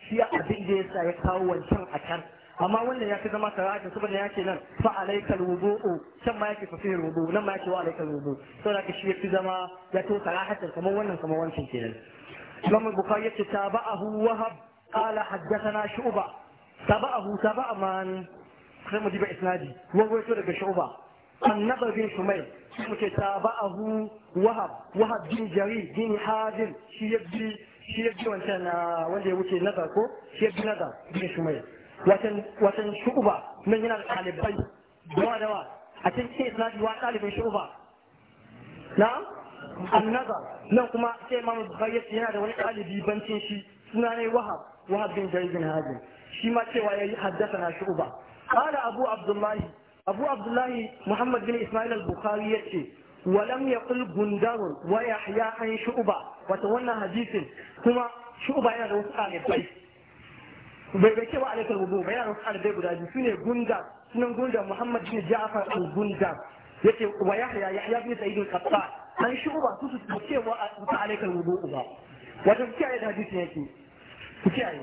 shi abin da yasa ya kawo wancan a can amma wannan ya fi zama karatu saboda ya ce nan fa alaikal wudu can ma yake fafiyar wudu nan ma yake wa alaikal wudu saboda ka shi ya fi zama ya to karahatan kamar wannan kamar wancan kenan imam bukhari yace tabahu hab qala haddathana shu'ba tabahu taba'a man sai mu diba isnadi to daga shu'ba annaba bin shumayl sai mu ce hab wa hab bin jarir bin Hadin, shi yabi shi ya ji wancan na ah, wanda ya wuce nazar ko shi ya ji nazar bin shumai watan shu'uba nan yana da ɗalibai dawa dawa a cikin sai isnadi wa ɗalibin shu'uba na annazar nan kuma sai imamu bukhari yana da wani ɗalibi bancin shi suna ne wahab wahab bin jarir bin hazim shi ma cewa ya yi haddasa na shu'uba قال abu عبد abu أبو عبد الله isma'il بن إسماعيل البخاري ولم يقل بندار ويحيى عن شعبة وتولى حديث كما شعبة yana da wasu ɗalibai bai bai ce ba alaikar wudu bai yana da wasu ɗalibai guda biyu sune gunda sunan gunda Muhammad bin Ja'far al-Gunda yace wa Yahya Yahya bin Sa'id al-Qattan an shuba su su wa ta alaikar kiyaye da hadisin ku kiyaye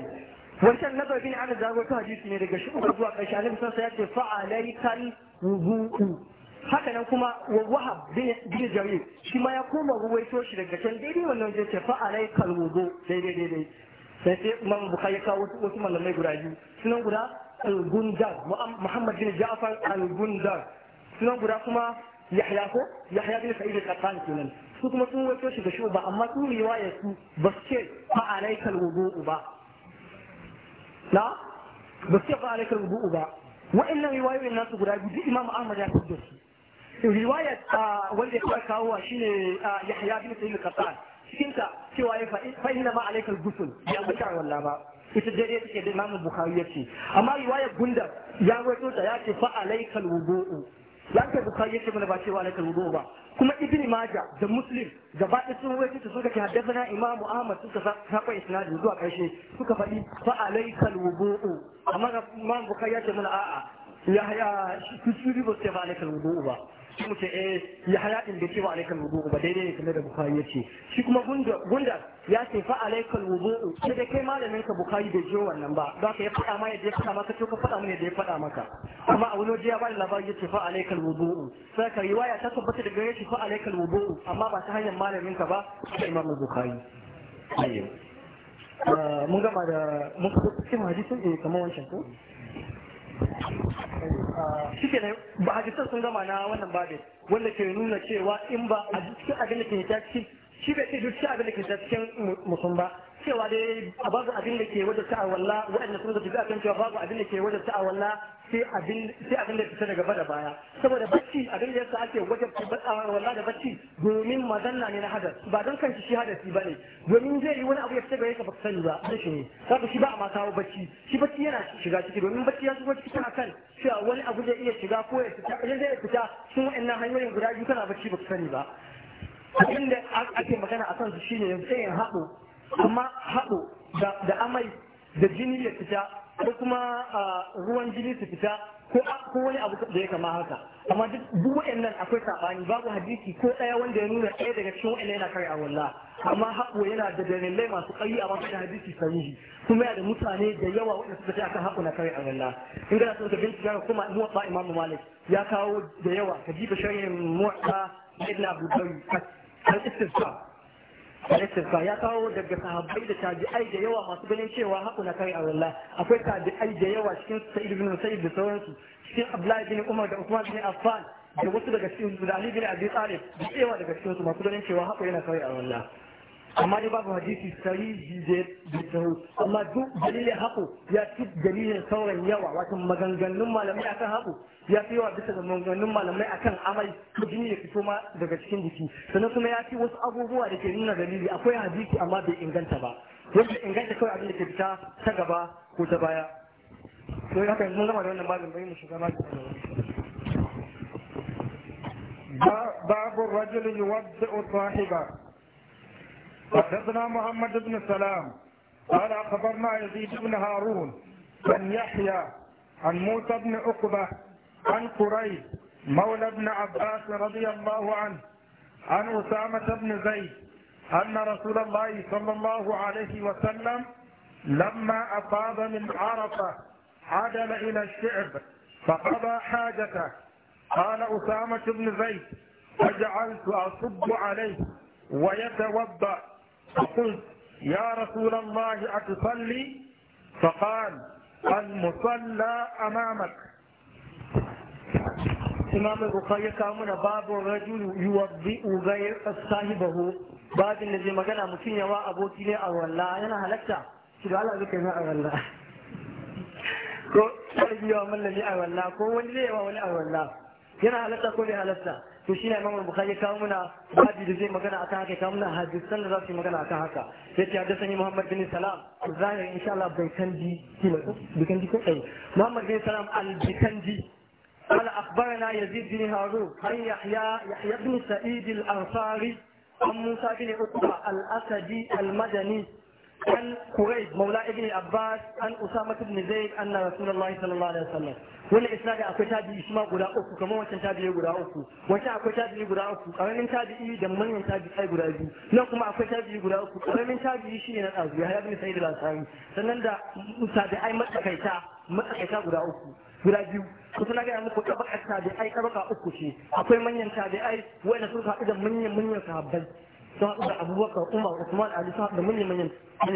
wancan nazar bin Anas da hadisi ne daga shuba zuwa ƙarshe Annabi sallallahu alaihi wasallam ce fa haka nan kuma wahab bin jarir shi ma ya koma ruwaito shi daga can daidai wannan zai ce fa alai kalwudu daidai daidai sai sai imam bukhari ya kawo wasu malamai guda biyu sunan guda al-gundar muhammad bin ja'far al-gundar sunan guda kuma yahya ko yahya bin sa'id al-qattan kenan su kuma sun wato shi ga shi ba amma su riwaya su ba su ce fa alai kalwudu ba na ba su ce fa alai kalwudu ba wa'annan riwayoyin nasu guda biyu imam ahmad ya fito su riwayar ah, wanda ya kawo shine ah, Yahya bin Sa'id al-Qattan cikinta cewa ya fa'in ma alaikal gusul ya mutar walla ba ita dare take da Imam Bukhari yace amma riwaya gunda ya wato ta ya ce fa alaikal wudu'u lanka Bukhari yace mana ba cewa alaikal wudu'u ba kuma Ibn Majah da Muslim gaba da sun wato ta suka ce haddathana Imam Ahmad suka saba isnadin zuwa karshe suka faɗi fa alaikal wudu'u amma Imam Bukhari yace mana a'a ya ya su su ba sai fa alaikal wudu'u ba shi muke eh ya haya din da cewa alaikal wudu ba daidai ne kamar da bukhari yace shi kuma gunda gunda ya ce fa alaikal wudu sai da kai malamin ka bukhari bai je wannan ba za ka ya faɗa ma yadda ya faɗa maka to ka faɗa mu ne da ya faɗa maka amma a wani waje ya bani labari yace fa alaikal wudu sai ka riwaya ta tabbata daga yace fa alaikal wudu amma ba ta hanyar malamin ka ba da imam bukhari ayyo eh, mun gama da mun kuma cikin hadisin eh kamar wancan ko shikenan ba hadisan sun gama na wannan babin wanda ke nuna cewa in ba a cikin abin da ke ta cikin shi bai ce duk cikin abin da ke ta cikin musulun ba cewa dai babu abin da ke wajen ta'awalla wa'anda sun zafi kan cewa babu abin da ke wajen ta'awalla sai abin da fita da gaba da baya saboda bacci abin da yasa ake wajabci batsawar walla da bacci domin mazanna ne na hadas ba don kan shi hadasi ba ne domin zai yi wani abu ya fita gare ka baka sani ba da shi ne sabu shi ba a ma kawo bacci shi bacci yana shiga ciki domin bacci ya shiga ciki tana kan cewa wani abu zai iya shiga ko ya fita idan zai fita sun wa'annan hanyoyin guda biyu kana bacci baka sani ba abin da ake magana a kansu shine yanzu sai in haɗo amma haɗo da amai da jini ya fita ko kuma ruwan jini su fita ko wani abu da ya kama haka amma duk nan akwai saɓani babu hadisi ko ɗaya wanda ya nuna ɗaya daga cikin waɗannan yana kare awalla amma haƙo yana da dalilai masu ƙayi a wani hadisi sahihi kuma yana da mutane da yawa waɗanda suka ce akan haƙo na kare awalla in gana sun ka bincika kuma in muwaɗa imamu malik ya kawo da yawa ka jiba sharhin muwaɗa ibn abu bari al-istisqa الاستغفار ya kawo daga صحابي da tabi'ai da yawa masu ganin cewa haku na kai wallah akwai tabi'ai da yawa cikin Sa'id bin Sa'id da sauransu cikin Abdullahi bin Umar da usman bin Affan da wasu daga cikin Ali bin Abi Talib da yawa daga cikin su masu ganin cewa haku yana kai wallah amma dai babu hadisi sarihi da ya amma duk dalilin haƙo ya fi dalilin sauran yawa wato maganganun malamai akan haƙo ya fi yawa bisa ga maganganun malamai akan amai ko jini ya fito ma daga cikin jiki sannan kuma ya fi wasu abubuwa da ke nuna dalili akwai hadisi amma bai inganta ba wanda inganta kawai abin da ke fita ta gaba ko ta baya to haka mun gama da wannan babin bai mu shiga ba باب الرجل يوضئ صاحبه حدثنا محمد بن سلام قال أخبرنا يزيد بن هارون عن يحيى عن موسى بن عقبة عن قريب مولى بن عباس رضي الله عنه عن أسامة بن زيد أن رسول الله صلى الله عليه وسلم لما أفاض من عرفة عدل إلى الشعب فقضى حاجته قال أسامة بن زيد فجعلت أصب عليه ويتوضأ فقلت يا رسول الله أتصلي فقال المصلى أمامك إمام البخاري كامل باب الرجل يوضئ غير صاحبه باب الذي مجانا مكين يوا أبو تيني أو الله أنا هلكتا شو على ذلك ما أو الله ko sai biyo mallan ni a wallah ko wani zai wa wani a wallah yana halatta ko bai halatta to shi ne imam bukhari kawo muna babi da zai magana akan haka kawo muna hadisan da za su yi magana akan haka sai ta hadisa ni muhammad bin salam zahiri insha Allah bai kandi bai kandi ko eh muhammad bin salam al bikandi قال أخبرنا يزيد بن هارون عن يحيى يحيى بن An musa عن موسى بن عقبة الأسدي المدني عن كريب مولى ابن عباس عن أسامة بن زيد أن رسول الله صلى الله عليه وسلم ولا إسناد أكو تابعي اسمه غدا أكو كما وكان تابعي غدا أكو وكان أكو تابعي غدا أكو أرمين تابعي دم من تابعي غدا أكو لا كما أكو تابعي غدا أكو أرمين تابعي شيء من الأرض يحيى بن سعيد الأنصاري سنن دا تابعي متكيتا متكيتا غدا أكو guda biyu kusa na gaya muku tabi ai karaka uku ce akwai manyan tabi'ai wanda sun haɗu da manyan manyan sahabbai sun haɗu da abubakar umar usman ali sun haɗu da manyan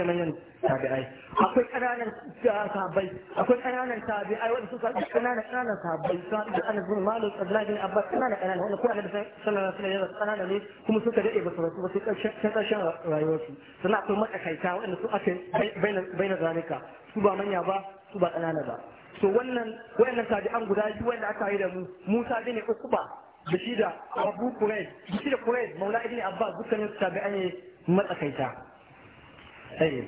manyan tabi'ai akwai ƙananan ah, sahabbai akwai ƙananan tabi'ai wanda suka haɗu da ƙananan ƙananan sahabbai sun da ana bin malik abdullahi bin abbas ƙananan ƙananan wanda kowa da sallallahu alaihi wasallam ƙananan ne kuma suka daɗe ba su rasu ba sai ƙarshen ƙarshen rayuwarsu sannan akwai matsakaita wanda su ake baina zalika su ba manya ba su ba ƙanana ba so wannan wayannan tabi'an guda biyu wanda aka yi da mu Musa bin Ukuba بسيدة ربو قريش بسيدة قريش مولاي ابن عباس بك أن يتابعني من أخيتا أيه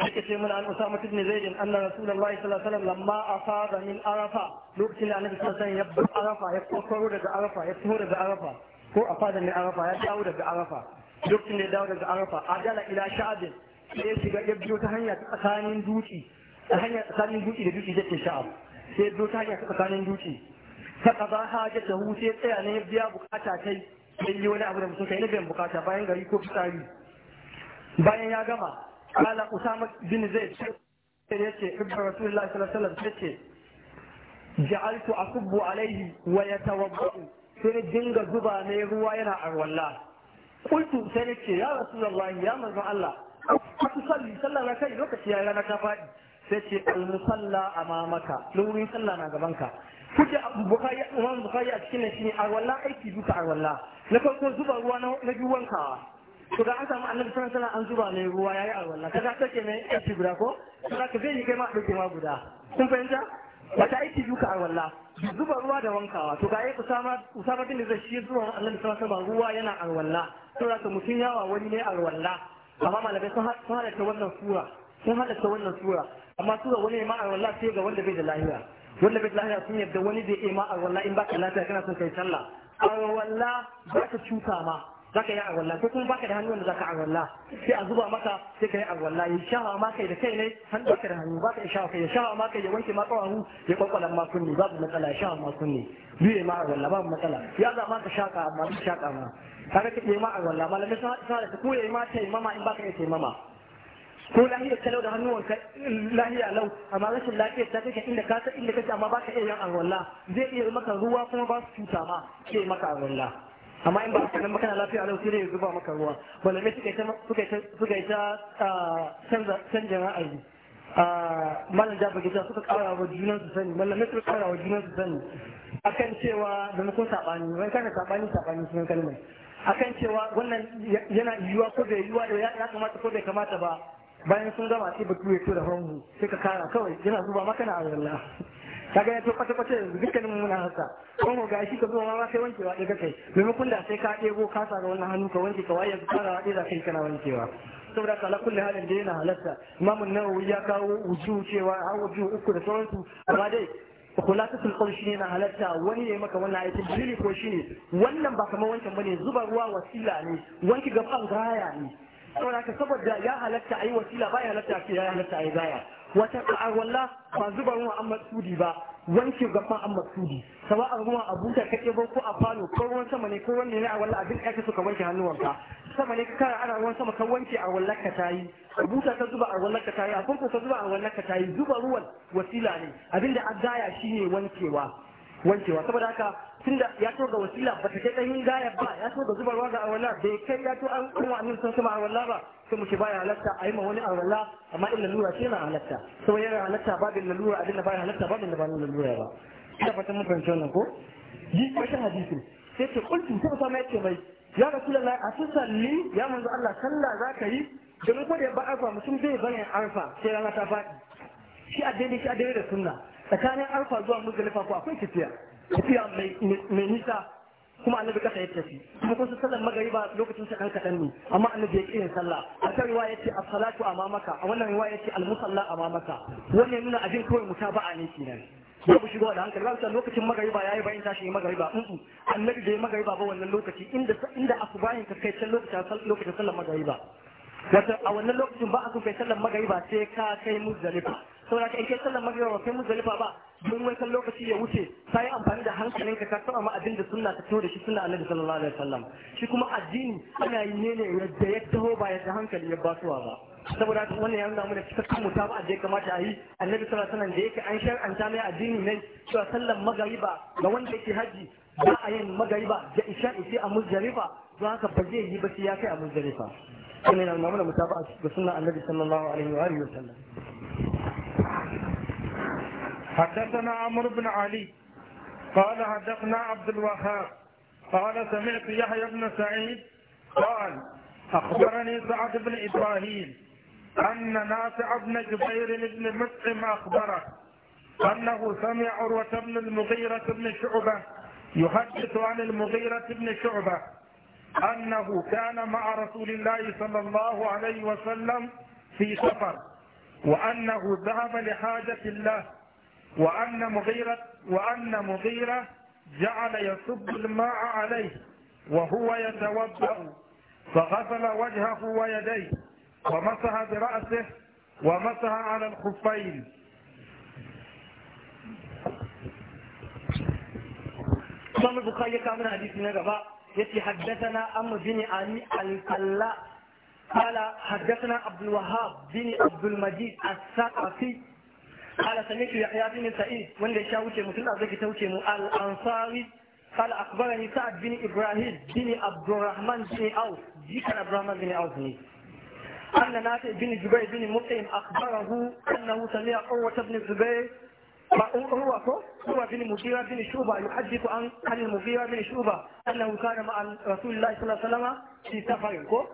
حكي سيمنا عن أسامة بن زيد أن رسول الله صلى الله عليه وسلم لما أفاد من عرفة لوقت أن النبي صلى الله عليه وسلم يبدو عرفة يقصر رجع عرفة يسهر رجع عرفة هو أفاد من عرفة يدعو رجع عرفة لوقت أن عرفة عجل إلى شعب يسيب يبدو تهنية أسانين دوتي أسانين دوتي لدوتي جت الشعب يبدو تهنية أسانين دوتي فقضى hutu sai tsaya ne biya bukata kai sai yi wani abu da mutum kai biyan bukata bayan gari ko fitsari bayan ya gama ala usama bin zaid ya ce ibn rasulullah sallallahu alaihi wasallam ya ce ja'altu asubbu alaihi wa yatawaddu sai na dinga zuba ne ruwa yana arwalla kultu sai ne ce ya rasulullah ya manzo Allah ku salli na kai lokaci ya rana ta fadi sai ce al musalla amamaka lurin sallah na gaban ka. kuke bukari imam bukari a cikin shi ne arwalla aiki duka arwalla na farko zuba ruwa na biyu wankawa to da an samu annabi sallallahu alaihi an zuba mai ruwa yayi arwalla kaga take ne aiki guda ko kaga ka zai kai ma dauke ma guda kun fahimta wata aiki duka arwalla zuba ruwa da wankawa to ga yake usama usama bin da shi zuwa annabi sallallahu alaihi ruwa yana arwalla saboda ka mutun yawa wani ne arwalla amma malamai sun halatta wannan sura sun halatta wannan sura amma sura wani ma arwalla sai ga wanda bai da lahira. wanda bai lafiya sun yadda wani zai iya ma arwalla in baka lafiya kana son kai sallah arwalla ba ka cuta ma za ka yi arwalla ko kuma baka da hannu wanda za ka arwalla sai a zuba maka sai ka yi arwalla ya shawa ma kai da kai ne hannu baka da hannu baka ya shawa kai ya shawa ma kai ya wanke ma kawahu ya kwakwalan ma kunni babu matsala ya shawa ma kunni biyu ma arwalla babu matsala ya zama ka shaka amma ka shaka ma kaga ka yi ma arwalla malamai sun haɗa ta ko ya yi ma ta yi mama in baka ya ta yi mama ko lahiyar kalau da ka lahiya lau amma rashin lafiyar ta kake inda ka inda kake amma ba ka iya yin arwalla zai iya maka ruwa kuma ba su cuta ma ke maka arwalla amma in ba ka nan makana lafiya lau sai ya zuba maka ruwa malamai suka suka ta suka ta ah, canza canjin ra'ayi ah, malam jafa gida suka kara wa junan su sani malamai suka kara wa junan su sani akan cewa da muku sabani wani kana sabani sabani sun kalmai akan cewa wannan yana yiwuwa ko bai yiwuwa ya kamata ko bai kamata ba bayan sun gama sai batu ya tura hongu sai ka kara kawai yana zuba maka na alwala ka ga to kwata kwata yanzu dukkanin muna haka hongu ga shi ka zuba ma sai wankewa ɗaya kai maimakon da sai ka ɗebo ka sa ga wannan hannu ka wanke ka waye ka kara ɗaya kai kana wankewa saboda haka ala kulli halin da yana halatta imamu nawawi ya kawo wuju cewa a wuju uku da sauransu amma dai khulasatul qawl shine na halatta wani ne maka wannan aikin dalili ko shine wannan ba kamar wancan bane zuba ruwa wasila ne wanki gaban gaya ne saboda saboda ya halatta a yi wasila ba ya halatta ce ya halatta a yi gaya wata walla ba zuba ruwan an matsudi ba wanke gaban an matsudi sama a ruwan a buta ka ɗebo ko a falo ko ruwan sama ne ko wanne ne a walla a duk aka suka wanke hannuwanka sama ne kara ana ruwan sama ka wanke a walla ka yi. a buta ka zuba a walla ka yi, a famfo ka zuba a walla ka yi. zuba ruwan wasila ne abinda a gaya shine wankewa wancewa saboda haka tunda ya to ga wasila ba ta kai ɗanyin gaya ba ya to ga zubarwa ga awalla bai kai ya to an kuma amin sun sama awalla ba sai mu ce baya halatta a yi ma wani awalla amma in lalura shi na halatta saboda yana halatta babin lalura a da baya halatta ba da ba lalura ba ina fatan mun fahimci wannan ko ji wata hadisi sai ce kulti sai ba mai ce mai ya ga na a tusalli ya manzo Allah sallah ka yi domin ko da ba arfa mutum zai bane arfa sai rana ta faɗi shi addini shi addini da sunna tsakanin arfa zuwa muzdalifa ko akwai tafiya tafiya mai nisa kuma annabi kasa ya tafi kuma kusa sallar ba lokacin sa kan kadan ne amma annabi ya kiyin sallah a kan riwaya yace as-salatu amamaka a wannan riwaya yace al-musalla amamaka wannan nuna abin kawai mutaba'a ne kenan babu shigo da hankali ba lokacin ya yayi bayan tashi yi ba? in annabi da yi magari ba wannan lokaci inda inda asubahin ka kai can lokacin lokacin sallar ba, wata a wannan lokacin ba a kai sallar ba sai ka kai muzdalifa saboda ka in kai sallar magriba ba kai muzdalifa ba don wai kan lokaci ya wuce ka yi amfani da hankalinka ka saba ma abin da sunna ta fito da shi sunna annabi sallallahu alaihi wasallam shi kuma addini ana yi ne ne yadda ya taho ba yadda hankali ya basuwa ba saboda haka wannan ya nuna mana cikakken mu ba da ya kamata a yi annabi sallallahu alaihi wasallam da yake an shar'anta mai addini ne cewa sallar magariba ga wanda yake haji ba a yin magariba da isha'i sai a muzdalifa don haka ba zai yi ba sai ya kai a muzdalifa kuma yana nuna mana mutaba'a ga sunna annabi sallallahu alaihi wasallam حدثنا عمرو بن علي قال حدثنا عبد الوهاب قال سمعت يحيى بن سعيد قال أخبرني سعد بن إبراهيم أن نافع بن جبير بن مسلم أخبره أنه سمع عروة بن المغيرة بن شعبة يحدث عن المغيرة بن شعبة أنه كان مع رسول الله صلى الله عليه وسلم في سفر وأنه ذهب لحاجة الله وأن مغيرة وأن مغيرة جعل يصب الماء عليه وهو يتوضأ فغسل وجهه ويديه ومسح برأسه ومسح على الخفين Imam البخاري كامل kawo hadisi na gaba بن علي Amr bin قال حدثنا عبد الوهاب بن عبد المجيد الثقفي قال سمعت يحيى بن سعيد وان يشاء وجه مثل أزكي توجه الأنصاري قال أخبرني سعد بن إبراهيم بن عبد الرحمن بن عوف ذكر عبد الرحمن بن عوف أن نافع بن جبير بن مطعم أخبره أنه سمع عروة بن الزبير هو هو بن مغيرة بن شعبة يحدث عن عن المغيرة بن شعبة أنه كان مع رسول الله صلى الله عليه وسلم في سفر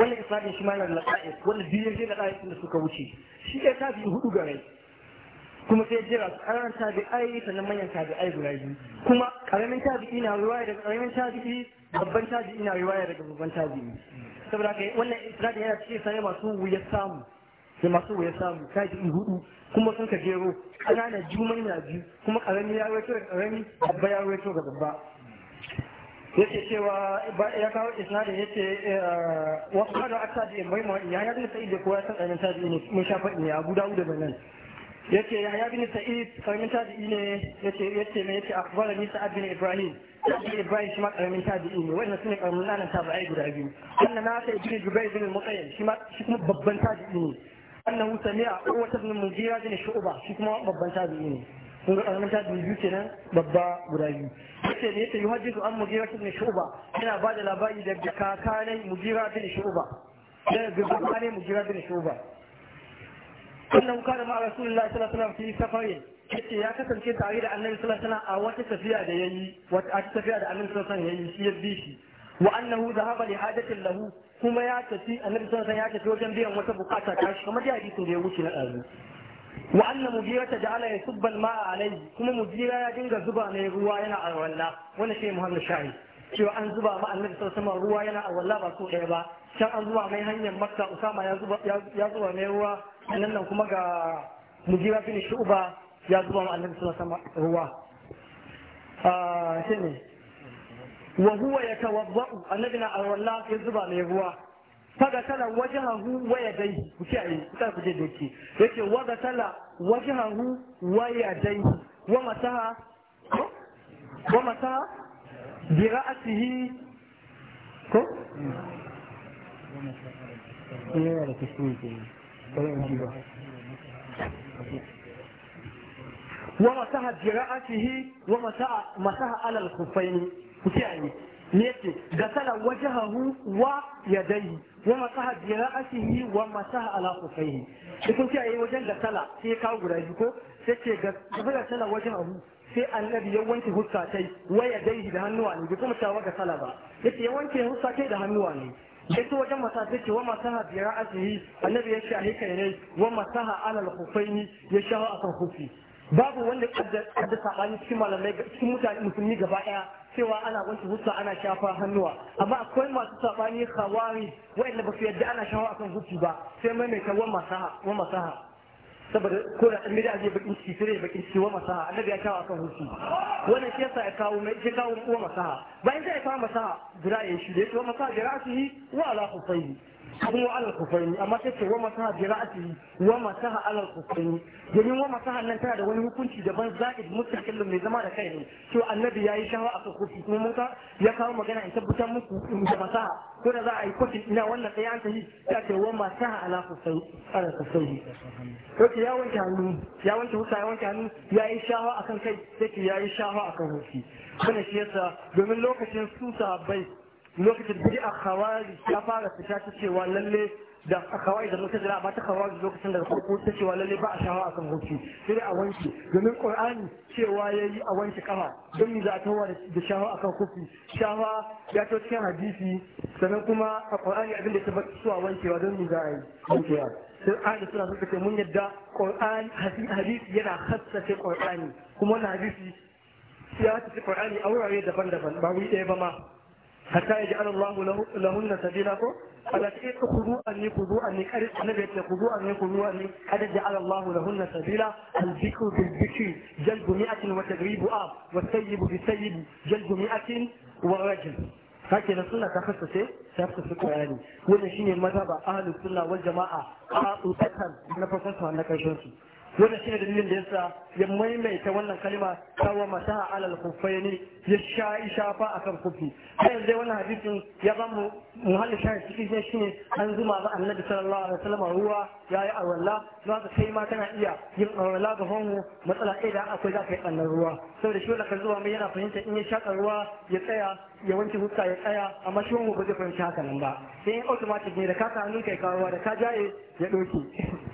wannan isnadin shi malar lata'is wanda biyu yanzu da ɗaya da suka wuce shi ɗaya ta biyu hudu gare kuma sai jira ƙaramin tabi'ai sannan manyan tabi'ai guda biyu kuma ƙaramin tabi'i na riwaya daga ƙaramin tabi'i babban tabi'i na riwaya daga babban tabi'i saboda kai wannan isnadin yana cikin sai masu wuya samu sai masu wuya samu tabi'i hudu kuma sun ka gero ƙanana juman na biyu kuma karami ya rawaito da karami babba ya rawaito ga babba yake cewa ya kawo isnadin yace wasu kada a tabi'in bai ma ya yi da sai da kowa ya san ƙaramin tabi'i ne mun sha faɗi ne abu dawo da nan yace yahya bin sa'id karamin tabi'i ne yace yace ne yace akbara ni sa'ad bin ibrahim sa'ad ibrahim shi ma karamin tabi'i ne wannan sune karamin nanan tabi'ai guda biyu wannan na sai bin jubair bin mutayyib shi ma shi kuma babban tabi'i ne wannan a sami'a urwata bin mujira bin shu'ba shi kuma babban tabi'i ne kun ga karamin tabi'i biyu kenan babba guda biyu yace ne yace yuhaddisu an mujira bin shu'ba yana ba da labari da kakanai mujira bin shu'ba da gaba ne mujira bin shu'ba أنه كان da رسول الله صلى الله عليه وسلم في سفر ya kasance tare da annabi sallallahu alaihi wasallam a wata tafiya da yayi wata tafiya da annabi sallallahu alaihi wasallam yayi shi ya bi shi wa annahu dhahaba li hajatin lahu kuma ya tafi annabi sallallahu alaihi wasallam ya tafi wajen biyan wata bukata ta shi kamar da hadisin da ya wuce na ɗazu wa anna mujira ta ja'ala yasubba al-ma'a alayhi kuma mujira ya dinga zuba mai ruwa yana arwalla wannan shi muhammad shahi cewa an zuba ma annabi sallallahu alaihi wasallam ruwa yana arwalla ba so ɗaya ba can an zuba mai hanyar makka usama ya zuba ya zuba mai ruwa sannan nan kuma ga mujira bin shu'ba ya zuba ma annabi sallallahu alaihi ruwa a ah, shi ne wa huwa yatawadda annabi na alwala ya zuba mai ruwa faga tala wajhahu wa yadayhi ku ai ku ta kuje doki yake waga tala wajhahu wa yadayhi wa masaha wa masaha bi ra'sihi ko ومسح جراءته ومسح مسح على الخفين كتاني نيتي غسل وجهه ويديه ومسح جراءته ومسح على خفيه يكون كي اي وجهن غسل سي كاو غدا يكو سيكي غسل وجهه sai annabi ya wanke huska tai waya dai da hannuwa ne bai kuma tawa ga sala ba yace ya wanke huska tai da hannuwa ne ya wajen masa ta ce wa masaha bi azumi annabi ya shahi kai ne wa masaha alal khufaini ya a akan khufi babu wanda da sabani cikin malamai cikin mutane musulmi gaba daya cewa ana wanke hussa ana shafa hannuwa amma akwai masu sabani khawari wa'anda ba su yadda ana shafa akan hufi ba sai mai mai wa masaha wa masaha saboda ko da ɗan bid'a bakin ciki sai bakin ciki wa masaha annabi ya kawo akan hushi wannan shi yasa ya kawo mai shi kawo wa masaha bayan sai ya kawo masaha jira'a shi da ya wa masaha jira'a shi wa ala husayni kuma wa alal kufaini amma sai ce wa masaha bi ra'atihi wa masaha alal kufaini domin wa masaha nan tana da wani hukunci daban za'id mustaqillun mai zama da kai ne to annabi yayi shawa a kofi kuma mun ya kawo magana in tabbatar muku da masaha ko da za a yi kofi ina wannan sai an tafi ta ce wa masaha ala kufaini ala kufaini to ya wanke hannu ya wanke husa ya wanke hannu yayi shawa akan kai sai yayi shawa akan hufi wannan shi yasa domin lokacin su sahabbai lokacin a khawari ta fara fita ta cewa lalle da kawai da lokacin da ta kawai lokacin da farko ta cewa lalle ba a shawa a kan hoci sai a wanke domin qur'ani cewa yayi a wanke kama don mi za ta wa da shawa kan kufi shawa ya to cikin hadisi sannan kuma a qur'ani abin da ta tabbata su a wankewa don mi za a yi wankewa sai da suna suka ce mun yadda qur'ani hadisi yana hassace qur'ani kuma wannan hadisi ya tafi qur'ani a wurare daban-daban ba wuri ɗaya ba ma حتى يجعل الله له لهن سبيلا على كي أن يخذوا أن يكرس النبي يخذوا أن يخذوا أن هذا جعل الله لهن سبيلا الذكر بالذكر جلب مئة وتدريب آب والسيب بالسيب جلب مئة ورجل هكذا سنة تخصصي تخصص إيه؟ القرآني وإن شيني المذهب أهل السنة والجماعة أطلقا نفسها أنك شرطي wannan shine dalilin da yasa ya maimaita wannan kalma sawa mata alal khuffaini ya sha'i shafa akan kufi sai dai wannan hadisin ya ba mu muhallin shahi cikin shine an zuma ga annabi sallallahu alaihi wasallam ruwa yayi awalla za ka kai ma kana iya yin awalla ga hannu matsala idan da akwai za ka yi ruwa saboda shi wanda ka zuwa mai yana fahimta in ya shaka ruwa ya tsaya ya wanke huska ya tsaya amma shi wani ba zai fahimci haka nan ba sai in automatic ne da ka ka hannun kai ruwa da ka jaye ya ɗauke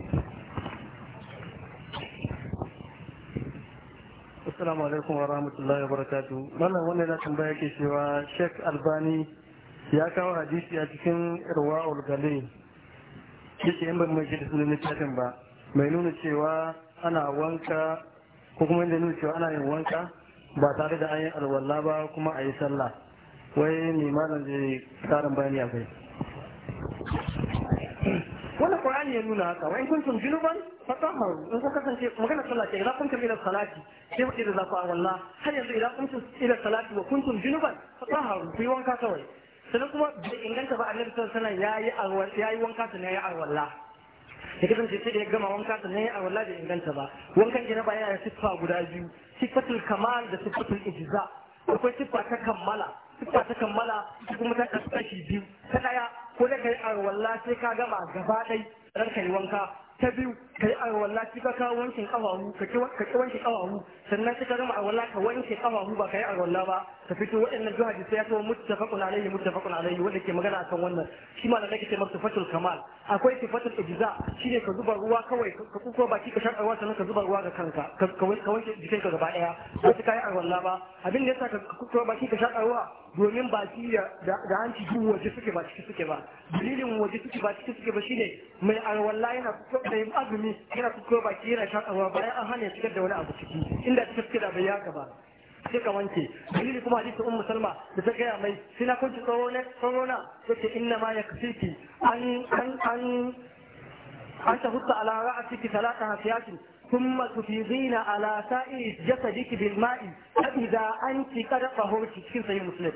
Assalamu alaikum wa rahmatullahi wa barakatu. Wannan wannan na tambaya ke cewa Sheikh Albani ya kawo hadisi a cikin Irwa'ul ya ce in ban mai da sunan littafin ba. Mai nuna cewa ana wanka ko kuma yadda nuna cewa ana yin wanka ba tare da an yi alwala ba kuma a yi sallah. Wai ne malam zai karin bayani a qur'ani ya nuna haka wa in kuntum junuban fatahharu in kuka kasance magana sallah ce idan kuntum ila salati sai mu idan zaku Allah har yanzu idan kuntum ila salati wa kuntum junuban fatahharu ku yi wanka kawai sannan kuma bai inganta ba annabi sallallahu alaihi wasallam yayi yayi wanka sannan yayi arwalla ya kasance sai da ya gama wanka sannan yayi arwalla bai inganta ba wankan janaba yana siffa guda biyu siffatul kamal da siffatul ijza akwai siffa ta kammala siffa ta kammala kuma ta kashi biyu ta daya ko da kai arwalla sai ka gama gaba ɗaya dan ka yi wanka ta biyu ka yi arwalla ki ka kawo wankin kawahu ka ki wanke kawahu sannan ka gama arwalla ka wanke kawahu ba ka yi arwalla ba ta fito waɗannan duk hadisai ya kuma muttafaqun alayhi muttafaqun alayhi wanda ke magana akan wannan shi ma da ke masa fatul kamal akwai sifatul ijza shine ka zuba ruwa kawai ka kuka baki ka shaka ruwa sannan ka zuba ruwa ga kanka ka wanke jikinka gaba daya ba ta kai arwalla ba abin da yasa ka kuka baki ka shaka ruwa domin baki da hanci duk waje suke ba ciki suke ba dalilin waje suke ba ciki suke ba shine mai arwalla yana kuka da yin azumi yana kuka baki yana shaka ruwa bayan an hana ya shigar da wani abu ciki inda ta suke da bayyaka ba sai ka wanke dalili kuma hadisi ummu salma da ta gaya mai sina na kunci tsoro ne tsoro na yace inna ma yakfiki an an an an tahutta ala ra'siki salata hafiyatin ثم تفيضين على سائر جسدك بالماء فإذا أنت قد طهرت cikin Sayyid مسلم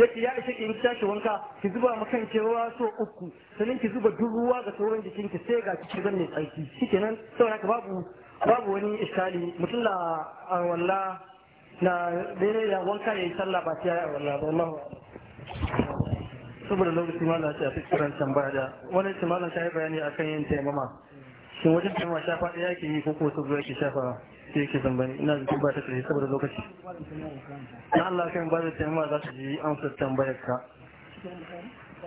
yake ya ishe in tashi wanka ki zuba ma kanki ruwa so uku sannan ki zuba duk ruwa ga sauran jikinki sai ga ki zan mai aiki. shikenan saboda ka babu babu wani iskali mutum la walla na daidai da wanka ya yi sallah ba ta yi wallah ba Allah saboda lokacin malam ta fi kiran tambaya da wani ce malam ta yi bayani a kan yin taimama shin wajen taimama shafa ɗaya yake yi ko ko su zuwa yake shafa sai yake zambani ina da tambaya ta tsaye saboda lokaci na Allah kan ba da taimama za ta ji amsar tambayar ka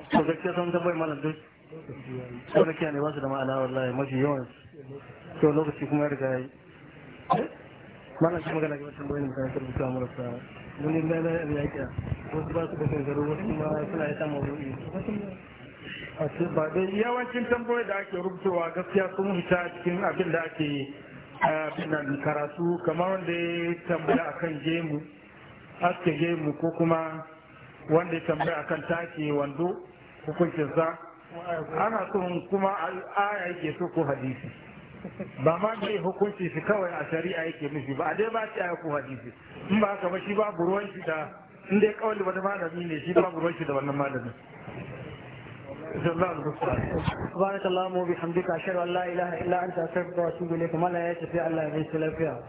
to gaskiya sun tambayi malam duk to gaskiya ne ba su da ma'ana wallahi mafi yawan to lokaci kuma ya riga ya yi mana shi magana game tambayoyin da kan rubuta marasa wani na na yaƙi wasu ba su da gangaro wasu ma suna ya samu ruɗi ba da yawancin tambayoyi da ake rubutowa gaskiya sun fita cikin abin da ake abin karatu kamar wanda ya tambaya kan gemu aske gemu ko kuma wanda ya tambaya kan take wando sa ana son kuma aya yake so ko hadisi ba ma zai hukunci shi kawai a shari'a yake nufi ba a dai ba shi ayako hadisi in ba haka ba shi babu ruwan shi da in dai kawai wani malami ne shi babu ruwan shi da wannan malamin سبحانك اللهم وبحمدك اشهد ان لا اله الا انت استغفرك واتوب اليك ما لا يشفي الا يعيش lafiya.